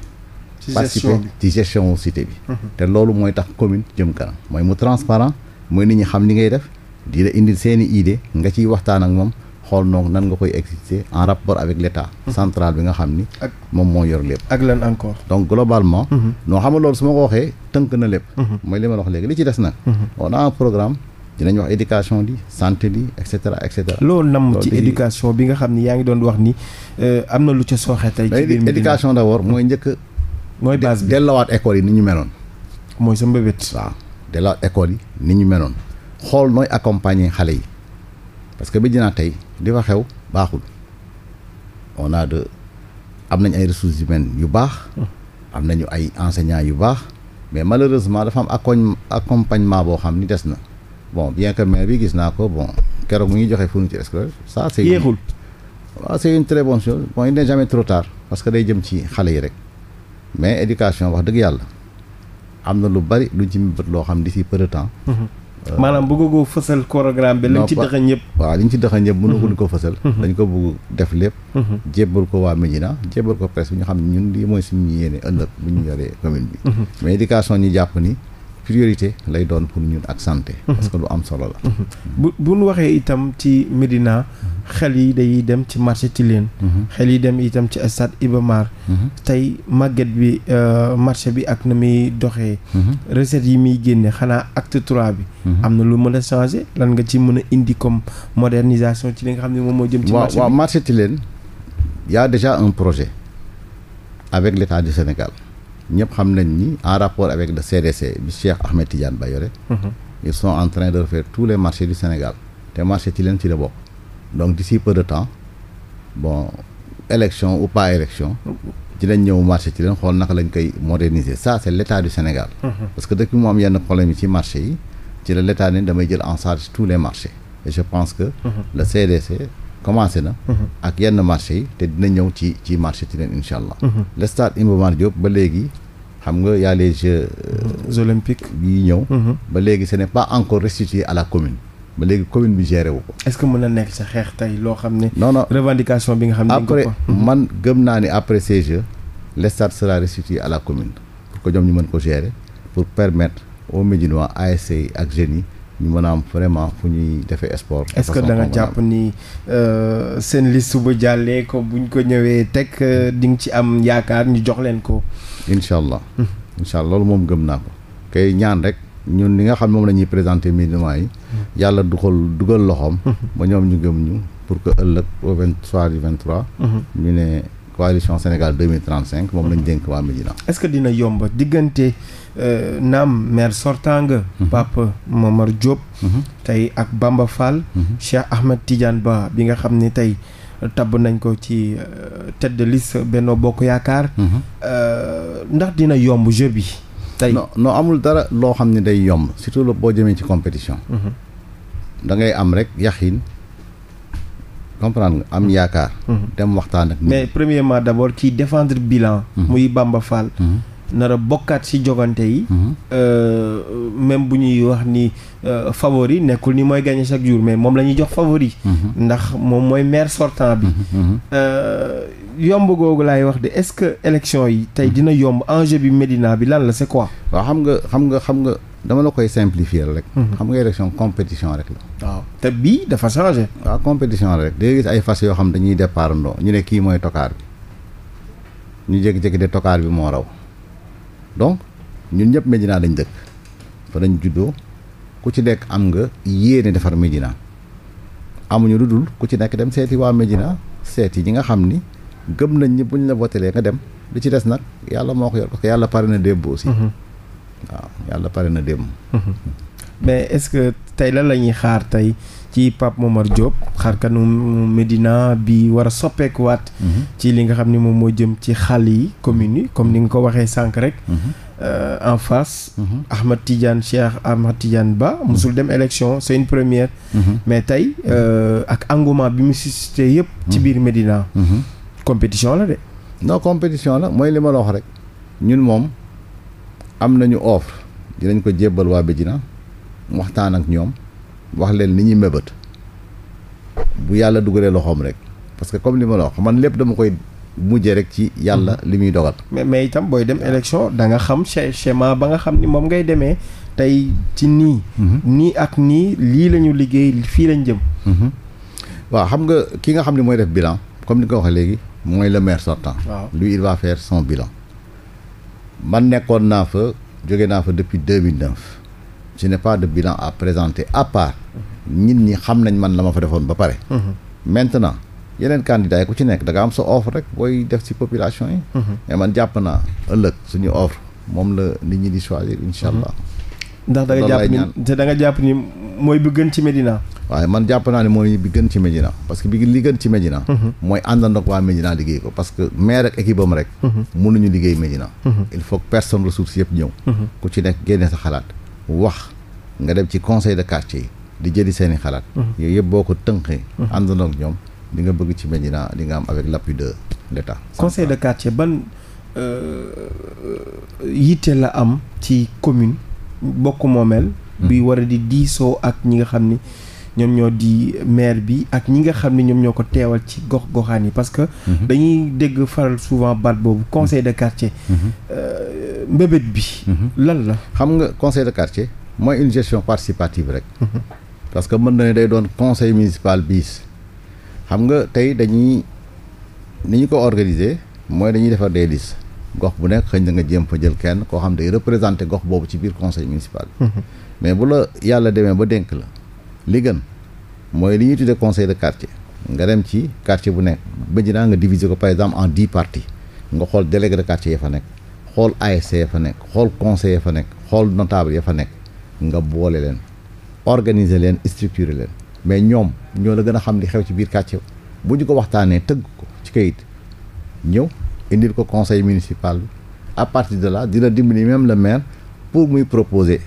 participer ci gestion cité bi mhm. te loolu mooy tax commune jëm kanam mooy mu transparent mooy nit ñi xam li ngay def di la indil seeni idée nga ciy waxtaan ak moom xool noonu nan nga koy exercer en rapport avec l' état mhm. bi nga xam ni moom moo yor lépp ak lan encore donc globalement noo xam nga loolu su ma ko waxee tënk na lépp mooy li ma wax léegi li ci des nag on a un programme dinañ wax éducation di santé di et cetera et cetera. loolu nam ci éducation bi nga xam ni yaa ngi doon wax ni euh, am na lu ca sooxe tey. ci biir éducation d'abord mooy njëkk mooy base bi dellawaat yi ni ñu meloon. mooy sa mbébét. waaw dellawaat yi ni ñu meloon xool nooy accompagner xale yi parce que bi dinaa tey di fa xew baaxul on a de am nañ ay ressources humaines yu baax. am nañu ay enseignants yu baax mais malheureusement dafa am accompagnement boo xam ni des na. bon bien que maire bi gis naa ko bon keroog mu ngi joxe fourniture scolaire ça c'est yéexul waaw c'est une très bonne chose bon il n'est jamais trop tard parce que day jëm ci xale yi rek mais éducation wax dëgg yàlla am na lu bari lu jëm bët loo xam d'ici peu a temps mhm. euh, maanaam bëggagoo fësal programme bi lañ ci dëxañ ñëpp waaw liñ ci dëxañ ñëpp mënaguñ mhm. ko fësal mhm. dañ ko bëgg def lépp jébbal ko waa Médina jébbal ko presse ñu xam ne ñun lii mooy suñu yéene ëllëg bu ñu yoree commune bi mais priorité lay doon pour ñun ak santé. Mhm. parce que lu am solo la. Mhm. bu bu waxee itam ci Médina xel yi day dem ci marché Tilène. Mhm. xel yi dem itam ci stade Iba Mar. tey màgget bi euh, bi ak na muy doxee. recette yi mi génne xanaa acte trois bi. am na lu mën a changé lan nga ci mën a indi comme modernisation ci li nga xam ne moom moo jëm. ci marché bi waaw a déjà un projet avec l'État du Sénégal. ñëpp xam nañ ni en rapport avec le CDC bi Cheikh Ahmed Tidiane ba yore. Mhm. ils sont en train de refaire tous les marchés du Sénégal te marché ci leen ci la bokk donc d'ici peu de temps bon élection ou pas élection ci lañ ñëw marché ci leen xool naka lañ koy moderniser ça c' est du Sénégal mhm. parce que depuis mu yenn problème yi ci marché yi ci la l' état ne damay jël en charge tous les marchés je pense que mhm. le CDC commencé na. Mhm. ak yenn marché yi te dina ñëw ci ci marché ci leen incha allah. Mhm. le stade Iba ba léegi xam nga y les jeux. olympiques euh, yi ñëw. Mhm. ba léegi ce n'est pas encore restitué à la commune. ba léegi commune bi géré wu ko. est-ce que mën na nekk sa xeex tey loo xam ne. non non bi nga xam ne. après man gëm naa ni après ces jeux le stade sera restitué à la commune pour que ñoom ñu mën ko gérer pour permettre aux Médinois ASC ak jeunes yi. ñu mën a am vraiment fu ñuy defee sport. est-ce que da nga jàpp ni euh, seen liste bu jàllee ko bu ñu ko ñëwee teg euh, di nga ci am yaakaar ñu jox leen ko. incha allah. Hmm. incha allah loolu moom gëm naa ko. kay ñaan rek ñun li nga xam moom la ñuy présenter médicaments yi. Hmm. yàlla du dugal loxoom. Hmm. ba ñoom ñu gëm ñu pour que ëllëg au vingt soir du vingt trois. ñu ne. coalition Sénégal 2035 moom lañ dénk waa Médina est-ce que dina yomb diggante euh, naam maire sortant nga mhm. Pape Momar Diop mhm. tey ak Bamba Fall mhm. Cheikh Ahmed Tidiane Ba bi nga xam ni tey euh, tabb nañ ko ci euh, tête de liste Benno Bokk Yaakaar ndax dina yomb jeu bi tey non non amul dara loo xam ne day yomb surtout boo jëmee ci compétition da am rek yaxin comprendre nga am mm-hmm. yaakaar. Mm-hmm. dem waxtaan ak. mais premièrement d' abord ci défendre bilan. Mm-hmm. muy Bamba Fall. nara bokkaat ci jogante yi. Euh, même bu ñuy wax ni euh, favori nekkul ni mooy gagné chaque jour mais moom la ñuy jox favori. ndax moom mooy maire sortant bi. Euh, yomb googu laay wax de est-ce que élection yi tey dina yomb enjeu bi Médina bi lan la c'est quoi. waaw xam nga xam nga xam nga. dama la koy simplifier rek. Mhm. xam nga élection compétition rek la. waaw te bii dafa changé. waaw compétition rek day gis ay fas yoo xam dañuy départ ndoo ñu ne kii mooy tokaar bi ñu jékki-jékki de tokaar bi moo raw donc ñun ñëpp Médina dañ dëkk fa dañ juddoo ku ci nekk am nga yéene defar Médina amuñu lu dul ku ci nekk dem seeti waa Médina seeti ñi nga xam ni gëm nañ bu buñ la votelee nga dem lu ci des nag yàlla moo ko yor parce yàlla pare na démb aussi. Mhm. waaw yàlla pare na démb. Mhm. mais est-ce que tey lan la ñuy xaar tey ci Pape Momar Diop xar kanu Médina bi war a soppeekuwaat. Mhm. ci li nga xam ni moom moo jëm ci xal yi communes yi comme ni nga ko waxee sànq rek. Mhm. Euh, en face. Ahmad Tidiane Cheikh Ahmad Tidiane Ba mosul dem élection c'est une première. mais tey euh, ak engouement bi mu suscité yëpp. ci biir Médina. compétition la de. non compétition la mooy li ma rek ñun moom. am nañu offre dinañ ko jébbal waa Bédina waxtaan ak ñoom wax leen ni ñuy mébét bu yàlla dugalee loxoom rek parce que comme li ma la wax man lépp dama koy mujjee rek ci yàlla mm-hmm. li muy dogal. mais mais itam booy dem élection danga nga xam schéma ba nga xam ni moom ngay demee tey ci nii. Mm-hmm. nii ak nii lii la liggéey fii lañ jëm. Mm-hmm. waa xam nga ki nga xam ne mooy def bilan comme ni nga ko waxee léegi mooy le maire sortant. waaw lui il va faire son bilan. man nekkoon naa fa jóge naa fa depuis 2009 je n'ai pas de bilan a présenter à part nit ñi xam nañ man la ma fa defoon ba pare. Mhm. maintenant yeneen candidats yi ku ci nekk danga am sa offre rek booy def si population yi. Mhm. mais man jàpp naa ëllëg suñu offre moom la nit ñi di choisir incha mhm. allah. ndax da nga jàpp ni te mooy bi gën ci Medina. waaye man jàpp naa ne mooy bi gën ci Medina parce bi gën ci Medina. Mhm. mooy àndandoo ak waa Medina liggéey ko parce maire ak équipe am rek. Mhm. mënuñu liggéey Medina. Mhm. il faut personne ressource yëpp ñëw. ku ci nekk génne sa xalaat wax nga dem ci conseil de quartier di jëli seen i xalaat. yooyu yëpp boo ko tënkee. àndandoo ak ñoom di nga bëgg ci Medina di nga am avec l'appui de l'État. conseil de quartier ban euh, yitte la am ci commune. bokk moomeel hmm. bi war a di diisoo ak ñi nga xam ni ñoom ñoo di maire bi ak ñi nga xam ne ñoom ñoo ko teewal ci gox goxaan yi parce que hmm. dañuy dégg faral souvent baat boobu conseil de quartier hmm. Euh, mbébét bi lan la xam nga conseil de quartier mooy une gestion participative rek parce que mën na ne day doon conseil municipal bis xam nga tey dañuy ni ñu ko organiser mooy dañuy defar des listes gox bu nekk xëñ na nga jéem fa jël kenn koo xam day représenté gox boobu ci biir conseil municipal mhm. mais bu la yàlla demee ba dénk la li gën mooy li ñuy tuddee conseil de quartier nga dem ci quartier bu nekk ba naa nga diviser ko par exemple en dix parties nga xool délégué de quartier ya fa nekk xool ASC ya fa nekk xool conseil ya fa nekk xool notable ya fa nekk nga boole leen organiser leen structurer leen mais ñoom ñoo la gën a xam li xew ci biir quartier bu ñu ko waxtaanee tëgg ko ci kayit ñëw indil ko conseil municipal bi à partir de là dina dimbali même le maire pour muy proposer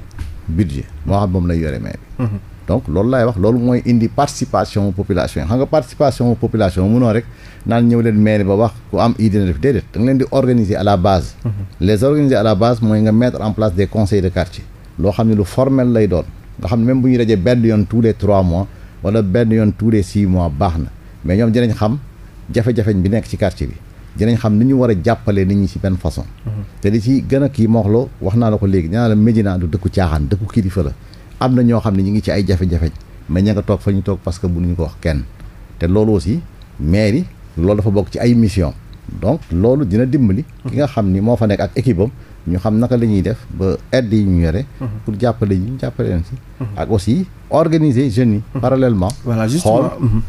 budget moo xam moom lay yore maire bi mhm. donc loolu laay wax loolu mooy indi participation population yi xam nga participation population mënoo ñëw leen maire ba wax ku am idée na def déedéet da leen di organiser à la base mhm. les organiser à la base mooy nga mettre en place des conseils de quartier loo xam ne lu formel lay doon nga xam ne bu ñu dajee benn yoon tous les trois mois wala benn yoon tous les six mois baax na mais ñoom dinañ xam jafe-jafeñ bi nekk ci quartier bi dinañ xam ni ñu war a jàppale nit ñi ci benn façon. te li ci gën kii mooxloo xam ne ñu ngi ci ay jafe-jafe ma ña nga toog fa ñu toog parce que mënuñu ko wax kenn te loolu aussi maire yi loolu dafa bokk ci ay mission donc loolu dina dimbali. ki nga xam ni moo fa nekk ak équipe ñu xam naka la ñuy def ba aide yi ñu yore. pour jàppale ñu jàppale leen si. ak aussi organiser jeunes yi. parallèlement. voilà justement xool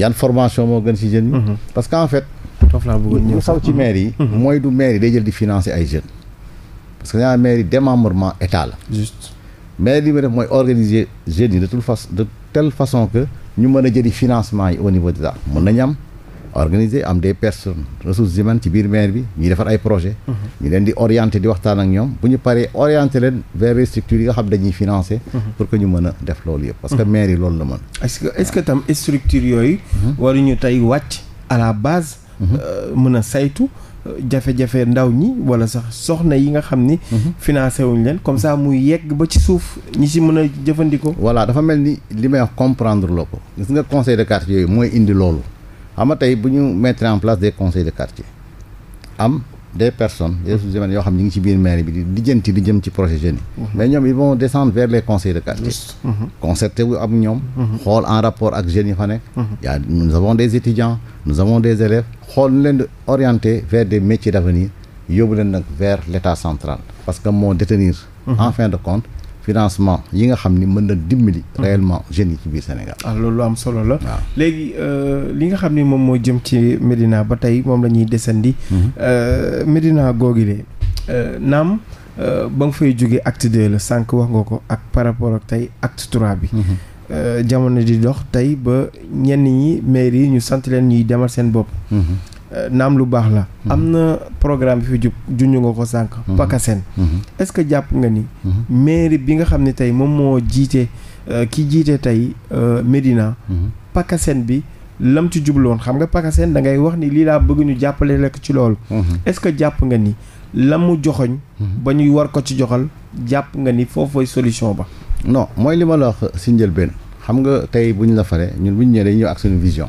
yan formation moo gën si jeunes yi. Mhm. en fait foofu laa bëggoon ñëw saw ci maire yi. Mhm. Mhm. mooy du maire yi day jël di financer ay jeunes. parce que ñaar maire yi démembrement yi de toute façon de telle façon que ñu mën a jëli financement yi au niveau de ça mën nañ am. organiser am des personnes ressources humaines ci biir maire bi ñuy defar ay projet mhm. ñu leen di orienter di waxtaan ak ñoom bu ñu paree orienter leen vers yi nga xam dañuy financer. pour que ñu mën a def loolu yëpp. parce que maire loolu la mën. est-ce est-ce Euh, mën a saytu euh, jafe-jafe ndaw ñi wala sax soxna yi nga xam ni. Mhm. financé wuñ leen comme ça muy yegg ba ci suuf ñi si mën a jëfandikoo. voilà dafa mel ni li may wax comprendre loo ko gis nga conseil de quartier yooyu mooy indi loolu xam nga tey bu ñu mettre en place des conseil de quartier am. des personnes des ressources mhm. humaines yoo xam ñu ngi ci biir mairie bi di lijjanti di ci projet jeunes yi mhm. ñoom ils vont descendre vers les conseils de quartier mhm. concerté wu am ñoom xool en rapport ak jeunes yi fa nekk yaa nous des étudiants nous avons des élèves xool nu leen di orienter vers des métiers d'avenir yóbbu leen nag vers l'état central parce que moo détenir en fin de compte financement yi nga xam ni mën na dimbali. Hmm. réellement jeunes yi ci biir Sénégal. ah loolu am solo la. waaw léegi euh, li nga xam ni moom moo jëm ci Medina ba tey moom la ñuy desandi. Medina hmm. euh, googile euh, naam. Euh, ba nga fay jóge acte deux la sànq wax nga ko ak par rapport ak tey acte trois bi. Mm -hmm. jamono di dox tey ba ñenn ñi maire yi ñu sant leen ñuy demal seen bopp. Hmm. Euh, naam lu baax la. am na programme bi fi jub junj nga ko sànq. Mhm. Pakasen. Mhm. est-ce que jàpp nga ni. Mhm. mairie bi nga xam ne tey moom moo jiite euh, ki jiite tey euh, Médina. Pakasen bi. lam ci jubloon xam nga pakaseen da ngay wax ni lii laa bëgg ñu jàppale rek ci loolu est-ce que jàpp nga ni la mu joxoñ ba ñuy war ko ci joxal jàpp nga ni foofooy solution ba non mooy li ma la wax si njëlbeen xam nga tey bu ñu la fare ñun bu ñu ñëwee dañuy ñëw ak suñu vision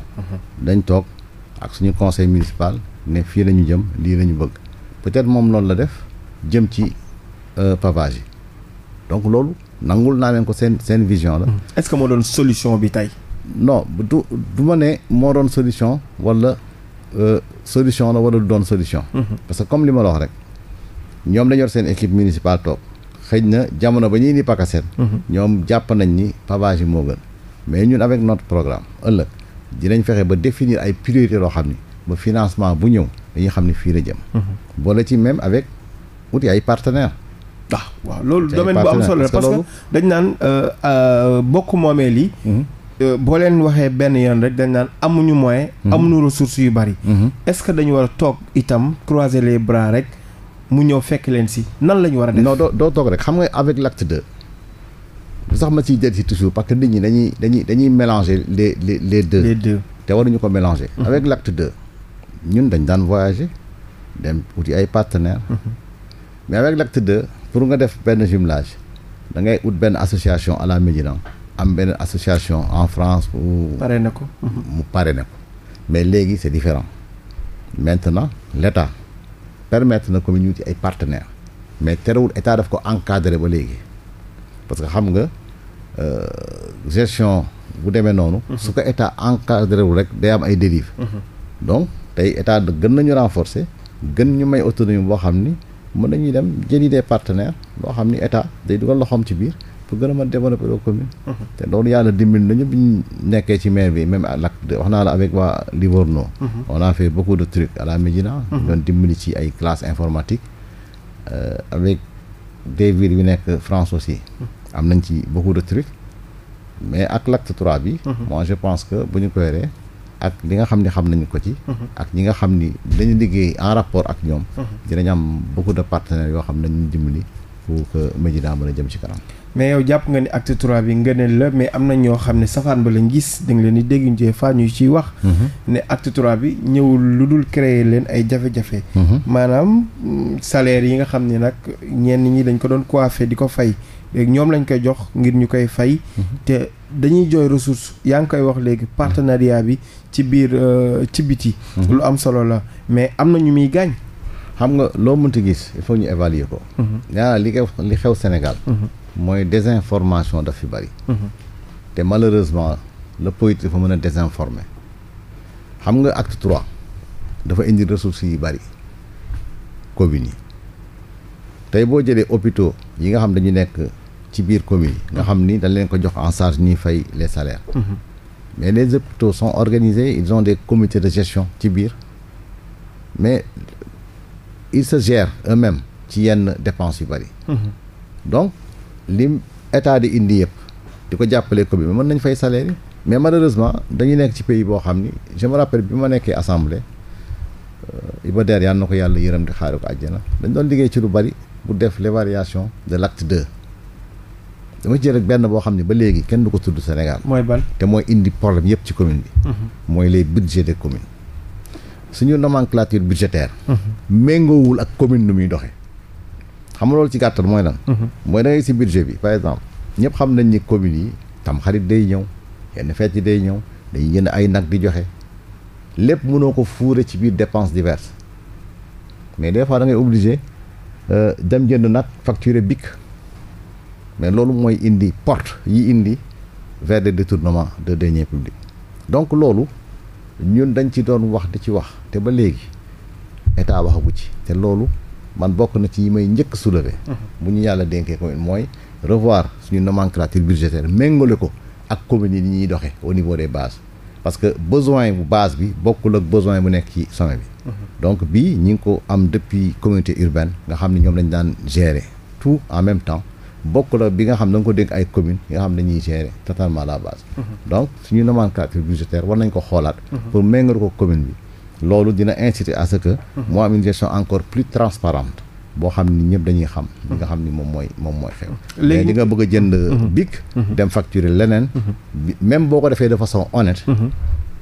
dañ toog ak suñu conseil municipal ne fii la ñu jëm lii la ñu bëgg peut-être moom loolu la def jëm ci euh, pavage yi donc loolu nangul naa leen ko seen seen vision la. est-ce que moo doon solution bi tey. non du du ma ne moo doon solution wala euh, solution la wala du doon solution. Mhm. parce que comme li ma la wax rek ñoom dañu yor seen équipe municipale toog. xëy na jamono ba ñuy indi pakaseen mhm. ñoom jàpp nañ ni pavage yi moo gën. mais ñun avec notre programme ëllëg. dinañ fexe ba définir ay priorité loo xam ni ba financement bu ñëw dañuy xam ne fii la jëm. Mhm. boole ci même avec uti ay partenaires. Ah, waaw waaw loolu domaine bu am solo la parce que dañ naan euh, euh, bokk moomee yi. Mhm. Euh, boo leen waxee benn yoon rek dañ naan amuñu moyen. Mhm. amuñu ressources yu bari. est-ce que dañu war a toog itam croiser les bras rek mu ñëw fekk leen si nan la ñu war a def. non doo doo toog rek xam nga avec l'acte deux. lu sax ma ciy jël ci toujours parce que nit ñi dañuy dañuy dañuy mélanger les les les deux. les deux te waruñu ko mélanger. Mm-hmm. avec l'acte deux ñun dañ daan voyager dem uti ay partenaires. Mm-hmm. mais avec l'acte deux pour nga def benn jumelage da ngay ut benn association à la Médina am benn association en France. Mm-hmm. mu pare ne ko mu pare na mais léegi c'est différent maintenant l'État permetre na comme ñu ci ay partenaires mais terewul état def ko encadrer ba léegi. parce que xam nga euh, gestion bu demee noonu. Mhm. su ko état encadré wul rek day am ay dérives. Mhm. donc tey état gën nañu renforcer gën ñu may autonomie boo xam ni mën nañuy dem jëli des partenaires loo xam ni état day dugal loxoom ci biir pour gën a mën développer la commune. Mhm. te loolu yàlla dimbali nañu bu ñu nekkee ci maire bi même à wax naa la avec waa Livorno. on a fait beaucoup de trucs à la Médina. doon dimbali ci ay classes informatique euh, avec des yu nekk France am nañ ci beaucoup de trucs mais ak l'acte trois bi. Mhm. moi je pense que bu ñu ko yoree ak li nga xam ni xam nañu ko ci. Mhm. ak ñi nga xam ni lañu liggéey en rapport ak ñoom. Mhm. dinañ am beaucoup de partenaires yoo xam ne ñu li pour que Médina mën a mais yow jàpp nga ni acte trois bi ngëneel la mais am na ñoo xam ne safaan ba lañ gis da nga leen di dégg ñu cee faa ciy wax. Mhm. ne acte trois bi ñëwul lu dul créer leen ay jafe-jafe. Mhm. maanaam salaire yi nga xam ne nag ñenn ñi dañ ko doon coiffé di ko fay léegi ñoom lañ koy jox ngir ñu koy fay. Mhm. te dañuy jooy ressource yaa ngi koy wax léegi partenariat bi ci biir euh, ci biti. lu am solo la mais am na ñu muy gaañ. xam nga loo mënti gis il faut ñu évaluer ko. ñaara mhm. li xew li xew Sénégal. Mhm. mooy désinformation daf fi bari. Mhm. te malheureusement le politique dafa mën a désinformer xam nga acte trois dafa indi ressources yi bari communes yi tey boo jëlee hôpitaux yi nga xam dañu nekk ci biir commune yi nga xam ni dañ leen ko jox en charge ñuy fay les salaires. mais les hôpitaux son organisés ils ont des commité de gestion ci biir mais ils se gèrent eux-mêmes ci yenn dépenses yu bari. Mhm. donc lim état di indi yëpp di ko jàppale commune bi mën nañ fay salaire yi mais malheureusement dañuy nekk ci pays boo xam ni je me rappelle bi ma nekkee assemblée euh, Iba Der yàlla na ko yàlla yërëm di xaari ko àjjana dañ doon liggéey ci lu bari pour def l'évaluation de l'acte de dama jël rek benn boo xam ne ba léegi kenn du ko tudd Sénégal. mooy ban te mooy indi problème yëpp ci commune bi. Mhm. mooy les budgets des communes. suñu nomenclature budgétaire. méngoowul ak commune nu muy doxee. xam nga loolu ci gàttal mooy lan. Mhm. mooy da ngay si budget bi par exemple ñëpp xam nañ ni communes yi tam xarit day ñëw yenn fête yi day ñëw dañuy jënd ay nag di joxe lépp mënoo ko fuure ci biir dépenses diverses mais des fois da ngay obligé euh, dem jënd nag facturer bic mais loolu mooy indi porte yi indi vers des détournements de deniers publics donc loolu. ñun dañ ci doon wax di ci wax te ba léegi état waxagu ci te loolu man bokk na ci yi may njëkk soulever. Mhm. bu ñu yàlla denkee commune mooy revoir suñu nomenclature budgétaire méngale ko ak communes yi ñuy doxee au niveau des base parce que besoin bu base bi bokkul ak besoin bu nekk ci sommet bi. Mhm. donc bii ñi ngi ko am depuis communauté urbaine nga xam ne ñoom lañ daan gérer tout en même temps. bokk la bi nga xam da nga ko dénk ay commune nga xam dañuy gérer totalement la base mhm. donc suñu nomenclature budgétaire war nañ ko xoolaat mhm. pour méngale ko commune bi loolu dina inciter à ce que moo mhm. am une gestion encore plus transparente boo xam ni ñëpp dañuy xam li nga xam ni moom mooy moom mooy xew léegi di nga bëgg a jënd bic dem facturer leneen même boo ko defee de façon honnête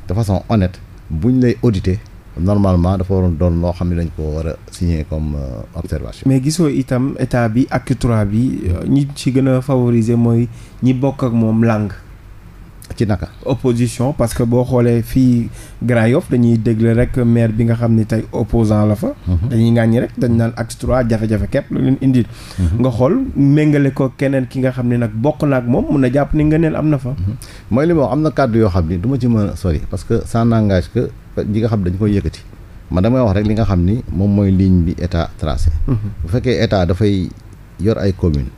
de façon honnête buñ lay auditer normalement dafa waroon doon loo xam ne dañ ko war a signer comme euh, observation. mais gisoo itam état bi acte trois bi euh, ñi ci gën a favoriser mooy ñi bokk ak moom langue. ci naka. opposition parce que boo xoolee fii Grand Yoff dañuy dégle rek maire bi nga xam ni tey opposant la fa. Mhm. dañuy ŋàññi rek dañ naan acte trois jafe-jafe képp lu leen indi. Mhm. nga xool méngale ko keneen ki nga xam ne nag bokk na ak moom mun a jàpp ni nga neen am na fa. Mhm. mooy li ma am na kàddu yoo xam ni du ma ci mën a parce que ça ñi nga xam dañ koy yëkkati man damay wax rek li nga xam ni moom mooy ligne bi état tracé. Mhm. bu fekkee état dafay yor ay communes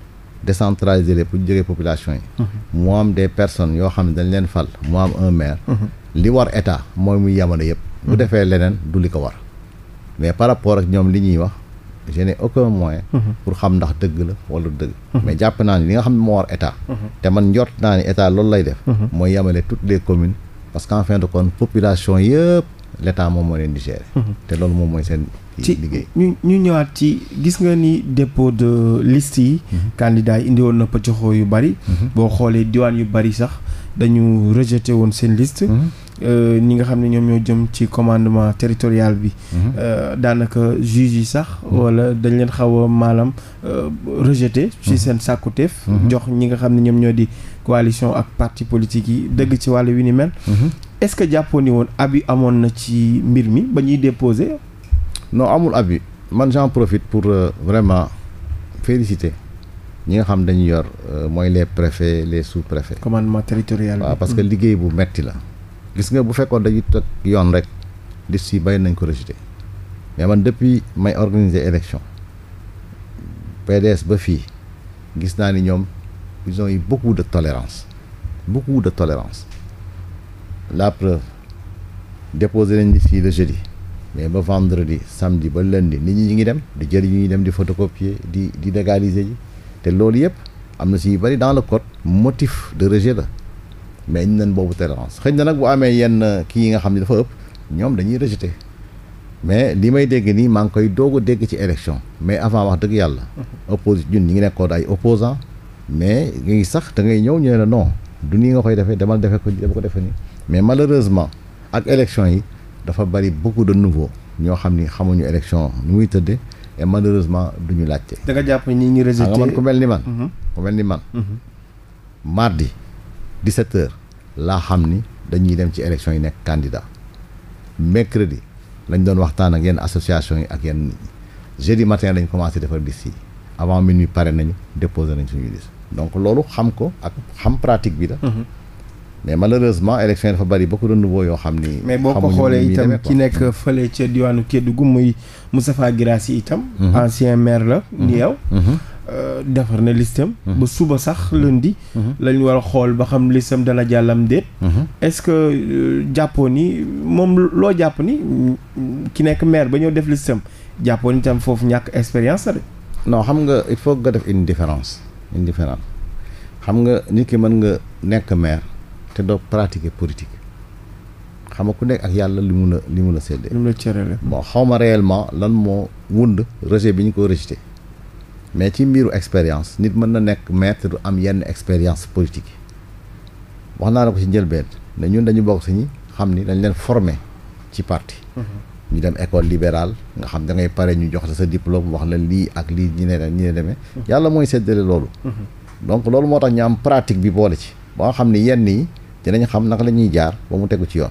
décentraliser les pour jógee population yi. Mhm. mu am des personnes yoo xam ne dañ leen fal mu am un maire. Mhm. li war état mooy muy yamane yëpp. bu defee leneen du li ko war. mais par rapport ak ñoom li ñuy wax je n'ai aucun moyen. pour xam ndax dëgg la wala dëgg. mais jàpp naa ni li nga xam ne moo war état. te man njort naa ni état lay def. mooy yamale toutes les parce qu'en fin de kon population yëpp l'état moom moo leen di gérer. Mhm. te loolu moom mooy seen. ci ñu ñu ñëwaat ci gis nga ni dépôt de list yi. Mhm. candidat indi woon na pëccoxoo yu bari. Mhm. boo xoolee diwaan yu bari sax dañu rejeté woon seen liste. Euh, ñi nga xam ne ñoom ñoo jëm ci commandement territorial bi. Euh, daanaka juge yi sax. wala dañ leen xaw a maanaam euh, rejeté. ci seen sàkkuteef. jox ñi nga xam ne ñoom ñoo di. coalition ak parti politique yi dëgg ci wàllu wi ni mel. Mhm. est-ce que jàppoon ni woon abi amoon na ci mbir mi ba ñuy déposé. noo amul abi man j'en profite pour euh, vraiment féliciter ñi nga xam dañu yor euh, mooy les préfets les sous-préfets. commandement parce que mm. liggéey bu metti la. gis nga bu fekkoon dañuy teg yoon rek liste yi bay nañ ko rejeté mais man depuis may organiser élection PDS ba fii gis naa ni ñoom ils ont eu beaucoup de tolérance beaucoup de tolérance la preuve déposé nañ ici le jeudi mais ba vendredi samedi ba lundi nit ñi ñu ngi dem di jël ñuy dem di photocopier di di légaliser ji te loolu yëpp am na si yu bëri dans le code motif de rejet la mais ñu nañ boobu tolérance xëy na nag bu amee yenn kii yi nga xam ne dafa ëpp ñoom dañuy rejeter mais li may dégg nii maa ngi koy doog a dégg ci élection mais avant wax dëgg yàlla mhm. oppose ñun ñi ngi nekkoon ay mais ngay sax dangay ñëw ñu ne non du nii nga koy defee demal defee ko dama ko defee nii mais malheureusement ak élection yi dafa bari beaucoup de nouveau ñoo xam ni xamuñu élection nu muy tëddee et malheureusement du ñu laajte. da nga jàpp ñi ñu résulté nga man ku mel ni man. Mhm. mel ni man. Mhm. mardi 17h laa xam ni dañuy dem ci élection yi nekk candidat mercredi lañu doon waxtaan ak yenn association yi ak yenn jeudi matin lañ commencé defar liste yi avant minuit pare nañu déposé nañ suñu liste. donc loolu xam ko ak xam pratique bi la. Mhm. mais malheureusement élection yi dafa bari beaucoup de nouveau yoo xam ni. mais boo ko xoolee itam ki nekk fële ca diwaanu Kédougou muy Moustapha Guirassy itam. Mhm. ancien maire la. ni mhm. yow. Euh, defar na listam ba suba sax lundi. lañu war a xool ba xam listam dana jàllam déet. est-ce que euh, jàppoon ni moom loo jàpp ni ki nekk maire ba ñëw def listam jàppoon itam foofu ñàkk expérience la de. non xam nga il faut nga def une différence. indifférent xam nga nit ki mën nga nekk maire te doo pratiquer politique xam nga ku nekk ak yàlla li mun a li mun a séddee. li mun a cërale bon xaw ma réellement lan moo wund rejet bi ñu ko rejeté mais ci mbiru expérience nit mën na nekk maire du am yenn expérience politique yi wax naa la ko ci njëlbeen ne ñun dañu bokk si ñi xam ni dañ leen formé ci partie mhm. ñu dem école libérale nga xam da ngay pare ñu jox la sa diplôme wax la lii ak lii ñi ne ñi ne demee mhm. yàlla mooy seddale loolu mhm. donc loolu moo tax ñu am pratique bi boole ci ba nga xam ne yenn yi dinañ xam naka la ñuy jaar ba mu tegu ci yoon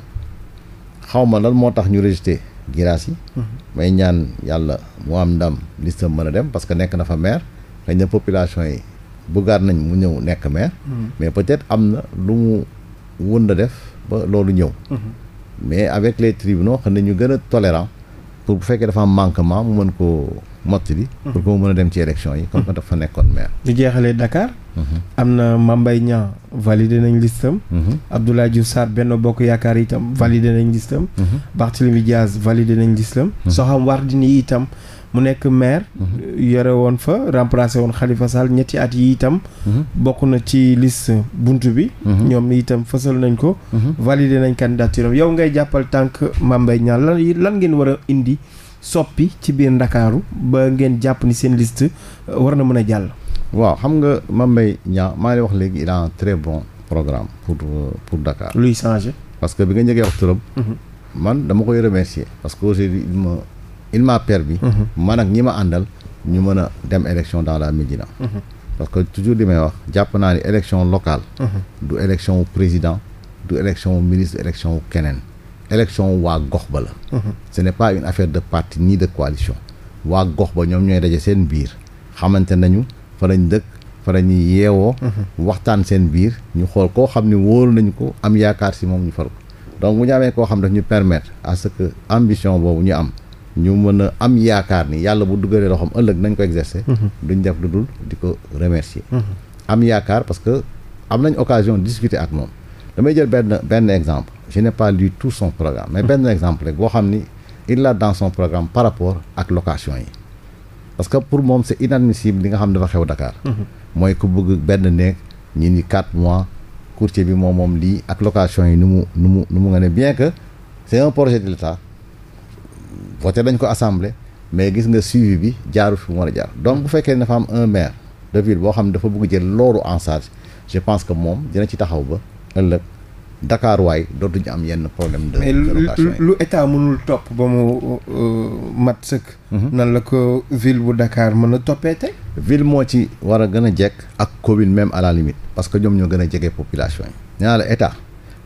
xaw ma lan moo tax ñu rejeté giraas yi mhm. may ñaan yàlla moo am ndam sa mën a dem parce que nekk na fa maire xëy na population yi bëggaat nañ mu ñëw nekk maire mais peut-être am na lu mu wën a def ba loolu ñëw mais avec les tribunaux xam ne ñu gën a tolérant pour bu fekkee dafa am manquement mu mën koo mottali. pour que mu mën a dem ci élection yi. kon que dafa nekkoon maire. ñu jeexalee Dakar. Mhm. am na Mame Mbaye Niang validé nañ listam. Mhm. Abdoulaye Diouf Sarr Benno Bokk Yaakaar itam validé nañ listam. Mhm. Barthélémy Diaz validé nañ listam. Soham Wardini itam. mu nekk maire. Mhm. yore woon fa remplacé woon xalifa Sall ñetti at yi itam. Mhm. bokk na ci liste bunt bi. Mhm. ñoom itam fasal nañ ko. validé nañ candidature yow ngay jàppal tànk Mame Mbaye Niang lan lan ngeen war a indi soppi ci biir Ndakaaru ba ngeen jàpp ni seen liste euh, war na mën a jàll. waaw xam nga Mame Mbaye Niang maa ngi wax léegi il a un bon programme pour euh, pour Dakar. luy changé. parce que bi nga njëkkee wax turam. man dama koy remercier parce que il ma il m'a permis mhm. man ak ñi ma àndal ñu mën a dem élection dans la Médina mhm. parce que toujours di may wax jàpp naa ni élection locale mhm. du élection président du élection ministre élection keneen élection waa gox ba la ce n'est pas une affaire de parti ni de coalition waa gox ba ñoom ñooy daje seen biir xamante nañu fa lañ dëkk fa la ñuy yeewoo waxtaan seen biir ñu xool koo xam ne wóolu nañu ko am yaakaar si moom ñu far ko donc bu ñu amee koo xam daf ñu permettre à que ambition boobu ñu am ñu mën a am yaakaar ni yàlla bu duggalee loxoom ëllëg nañ ko exercer. Mhm. duñ def lu dul di ko remercier. Mhm. am yaakaar parce que am nañ occasion discuter ak moom. damay jël benn benn exemple je n'ai pas lu tout son programme mais mhm. benn exemple rek boo xam ni il l'a son programme par rapport ak location yi. parce que pour moom c'est inadmissible li nga xam dafa xew Dakar. mooy ku bëgg benn néeg ñu ni quatre mois courtier bi moom moom lii ak location yi nu voté dañ ko assemblée mais gis nga suivi bi jaaru fi mu war a jaar donc bu fekkee ne dafa am un maire de ville boo xam ne dafa bëgg jël loolu en charge je pense que moom dina ci taxaw ba ëllëg Dakar dootu dootuñu am yenn problème de location lu état mënul topp ba mu euh, mat sëkk. Mhm. nan la ko ville bu Dakar mën a toppeete ville moo ci war a gën a jekk ak commune même à la limite parce que ñoom ñoo gën a jege population yi. ñaa la état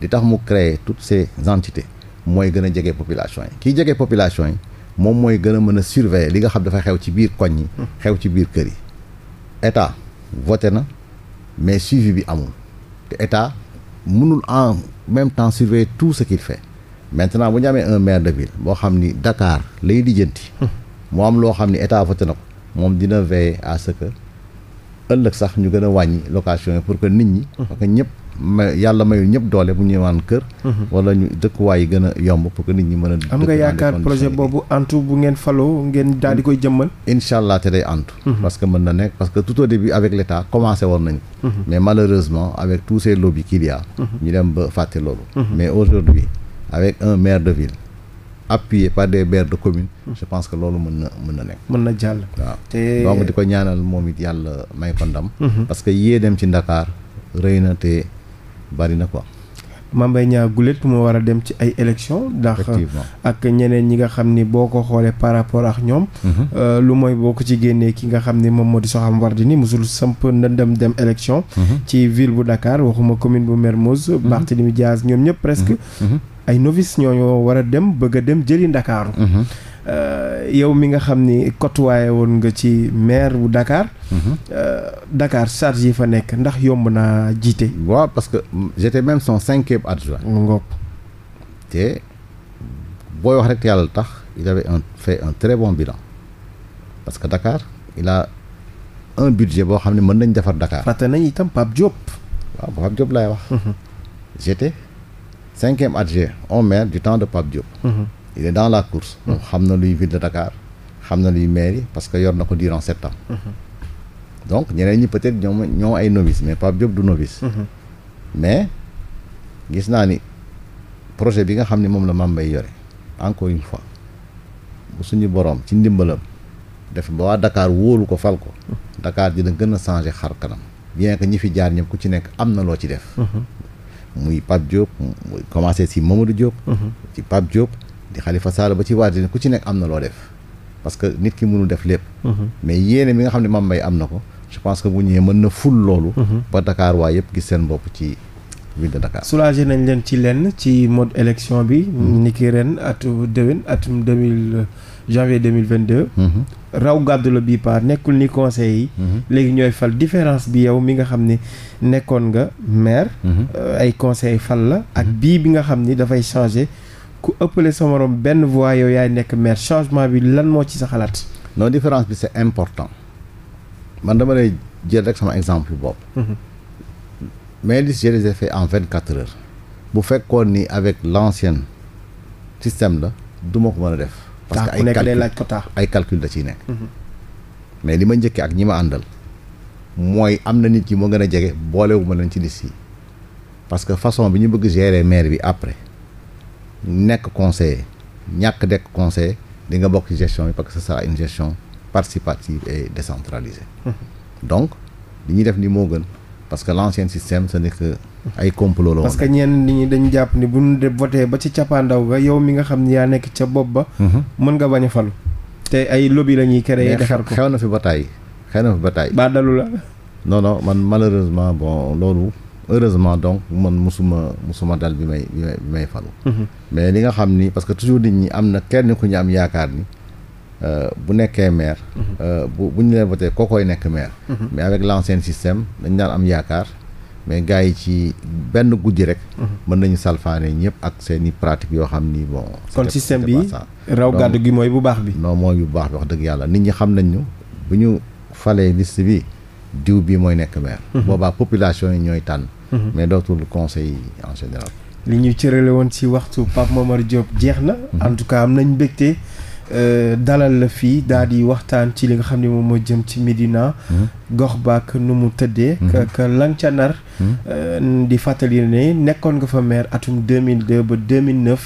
di tax mu créer toutes ces entités. mooy gën a jege population yi kiy jege population yi moom mooy gën a mën a surveiller li nga xam dafa xew ci biir koñ yi hmm. xew ci biir kër yi état voté na mais suivi bi amul te état mënul en même temps surveiller tout ce qu'il fait bu ñu amee un maire de ville boo xam ni dakaar lay lijjanti moo hmm. am loo xam ni état voté na ko moom dina veiller à ce que ëllëg sax ñu gën a wàññi location yi pour que nit ñi hmm. parce que ñëpp ma yàlla mayul ñëpp doole bu ñëwaan kër. Mhm. wala ñu dëkkuwaay yi gën a yomb pour que nit ñi mën a. am nga yaakaar projet boobu antu bu ngeen faloo ngeen daal di koy mm. jëmmal. incha allah te day antu. Mhm. parce que mën na nekk parce que tout au début avec mhm. avec tous ces a. mais aujourd'hui avec un maire de ville. appuyé par des maires de commune je pense que loolu mën na mën na nekk mën na jàll waaw donc di ko ñaanal moom it yàlla may ko ndam parce que yéeneem bari na quoi. Mame Mbaye Niang gulet moo war a dem ci ay élections ndax ak ñeneen ñi nga xam ni boo ko xoolee par rapport ak ñoom mhm. euh, lu mooy boo ko ci génnee ki nga xam ni moom moo di Soham ni mosul samp ndëndam dem élection mhm. ci ville bu Dakar waxuma commune bu Mermoz mhm. Barthélémy Dias ñoom ñëpp presque ay novice ñooñoo war a dem bëgg a dem jëli Ndakaaru Euh, yow mi nga xam ni côtoyé woon nga ci maire bu dakaar mhm. euh, dakaar charge yi fa nekk ndax yomb naa jiite. waaw parce que j'étais même son cinquième adjoint. mu ngoog te booy wax rek yàlla tax il avait un fait un très bon bilan parce que Dakar il a un budget boo xam ne mën nañ defar Dakar. fàtte nañ itam Pape Diop. waaw Pape Diop laay wax. Mhm. j'étais cinquième adjoint au maire du temps de Pape Diop. Mhm. il est dans la course. Mmh. donc xam na luy ville de Dakar xam na luy mairie parce que yor na ko durant sept mmh. donc ñeneen ñi peut-être ñoom ñoo ay novice mais Pape Diop du novice. Mmh. mais gis naa ni projet bi nga xam ni moom la Mame Mbaye yore encore une fois bu suñu borom ci ndimbalam def ba waa Dakar wóolu ko fal ko. Dakar dina gën a changer xar kanam. bien que ñi fi jaar ñëpp ku ci nekk am na loo ci def. muy Pape Diop muy commencé si Mamadou Diop. ci Pape Diop. di Khalifa Sall ba ci waa dina ku ci nekk am na loo def parce que nit ki mënul def lépp. Mhm. mais yéene mi nga xam ne Mame Mbaye am na ko. je pense que bu ñëwee mën na ful loolu. Mhm. ba Dakar waa yëpp gis seen bopp ci ville de Dakar. soulagé leen ci lenn ci mode élection bi. Mhm. ni ki ren atum déwén atum deux mille euh, janvier deux mille vingt deux. raw gàddu la bii par nekkul ni conseil yi. léegi ñooy fal différence bi yow mi nga xam ni nekkoon nga maire. Euh, ay conseil fal la. ak bii bi nga xam ni dafay changer. ku ëppale sa morom benn voix yow yaay nekk maire changement bi lan moo ci sa xalaat. non différence bi c'est important man dama lay jël rek sama exemple bopp. Mhm. mais li je fait en vingt quatre bu fekkoon ni avec l'ancien système la du ma ko mën a def. parce que ay calcul ay calcul da ciy nekk. Mhm. mais li ma njëkkee ak ñi ma àndal. mooy am na nit yi moo gën a jege boolewuma leen ci liste yi. parce que façon bi ñu bëgg gérer maire bi après. nekk conseiller ñàkk dekk conseiller di nga bokk ci gestion bi parce que ce sera une gestion participative et décentralisée. Mm-hmm. donc li ñuy def ni moo gën parce que l' système ce n'est ay complot la woon. parce que ñenn nit ñi dañu jàpp ni bu ñu voté ba ci cappaandaw ga yow mi nga xam ni yaa nekk ca bopp ba. Mm-hmm. mën nga bañ a falu. te ay lobby la ñuy créé. defar ko xew na fi ba tàyyi xew na fi ba tàyyi. ba dalu la. non non man malheureusement bon loolu. heureusement donc man musuma musuma dal bi may bi may falu mhm. mais li nga xam ni parce que toujours nit ñi am na kenn ku ñu am yaakaar ni euh, bu nekkee maire mhm. euh, bu bu ñu leen voté kookoy nekk maire mhm. mais avec l'ancien système dañ daan am yaakaar mais gars yi ci benn guddi rek mën nañu salfaane ñëpp ak seen i pratique yoo xam ni bon kon système bi raw gàddu gi mooy bu baax bi non mooy bu baax bi wax dëgg yàlla nit ñi xam nañ ñu bu ñu falee liste bi diw bi mooy nekk maire boobaa yi ñooy tànn Mhm. mais dootul conseil en général. li ñu cërale woon ci waxtu Pape Momar Diop jeex na. Mhm. en tout cas am nañ mbégte euh, dalal la fii daal di waxtaan ci li nga xam ne moom moo jëm ci Médina. Mhm. gox baak nu mu tëddee. que lan ca euh, di fàttali ne nekkoon nga fa maire atum 2002 ba 2009.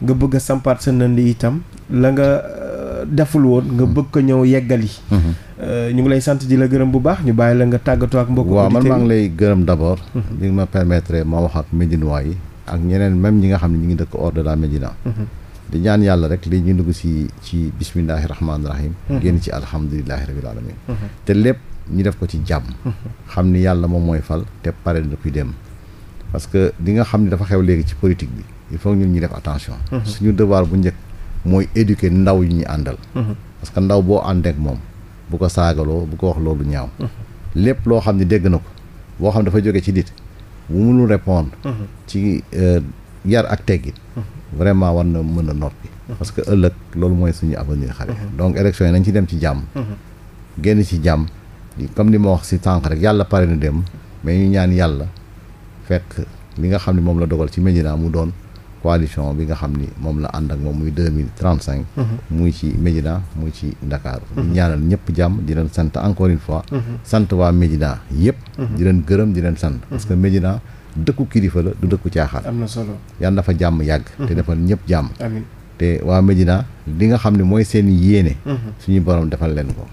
nga bëgg a sampaat sa nënd itam la nga. deful woon nga hmm. bëgg ko ñëw yeggali. Hmm. Euh, ñu ngi lay sant di la gërëm bu baax ñu bàyyi la nga tàggatoo ak mbokk waaw man maa ngi lay gërëm d' abord. li hmm. ma permettre ma wax ak médinois yi ak ñeneen même ñi nga xam ne ñu ngi dëkk di ñaan yàlla rek li ñu dugg si ci bismillahi rahmaani rahim. génn ci alhamdulilahi rabil def attention. suñu devoir bu njëkk. mooy éduquer ndaw yi ñu àndal. Mhm. parce que ndaw boo àndeek moom bu ko saagaloo bu ko wax loolu ñaaw. Mhm. lépp loo xam ne dégg na ko boo xam dafa jóge ci nit bu mënul répondre. Mhm. ci euh, yar ak teggin. vraiment war na mën a noppi. parce que ëllëg loolu mooy suñu avenir xale. donc élection yi nañ ci dem ci jàmm. génn ci jàmm comme ni ma wax si tànk rek yàlla pare na dem mais ñu ñaan yàlla fekk li nga xam ne moom la dogal ci Médina mu doon. coalition bi nga xam ni moom la ànd ak moom muy deux mille trente cinq. Mhm. muy ci Médina muy ci Dakar. Mhm. ñaanal ñëpp jàmm di leen sant encore une fois. Mhm. sant waa Médina yëpp. di leen gërëm di leen sant. parce que Médina dëkku kilifa la du dëkku caaxaan. am na solo yàlla na jàmm yàgg. te defal ñëpp jàmm. amiin te waa Médina li nga xam ne mooy seen yéene. suñu borom defal leen ko.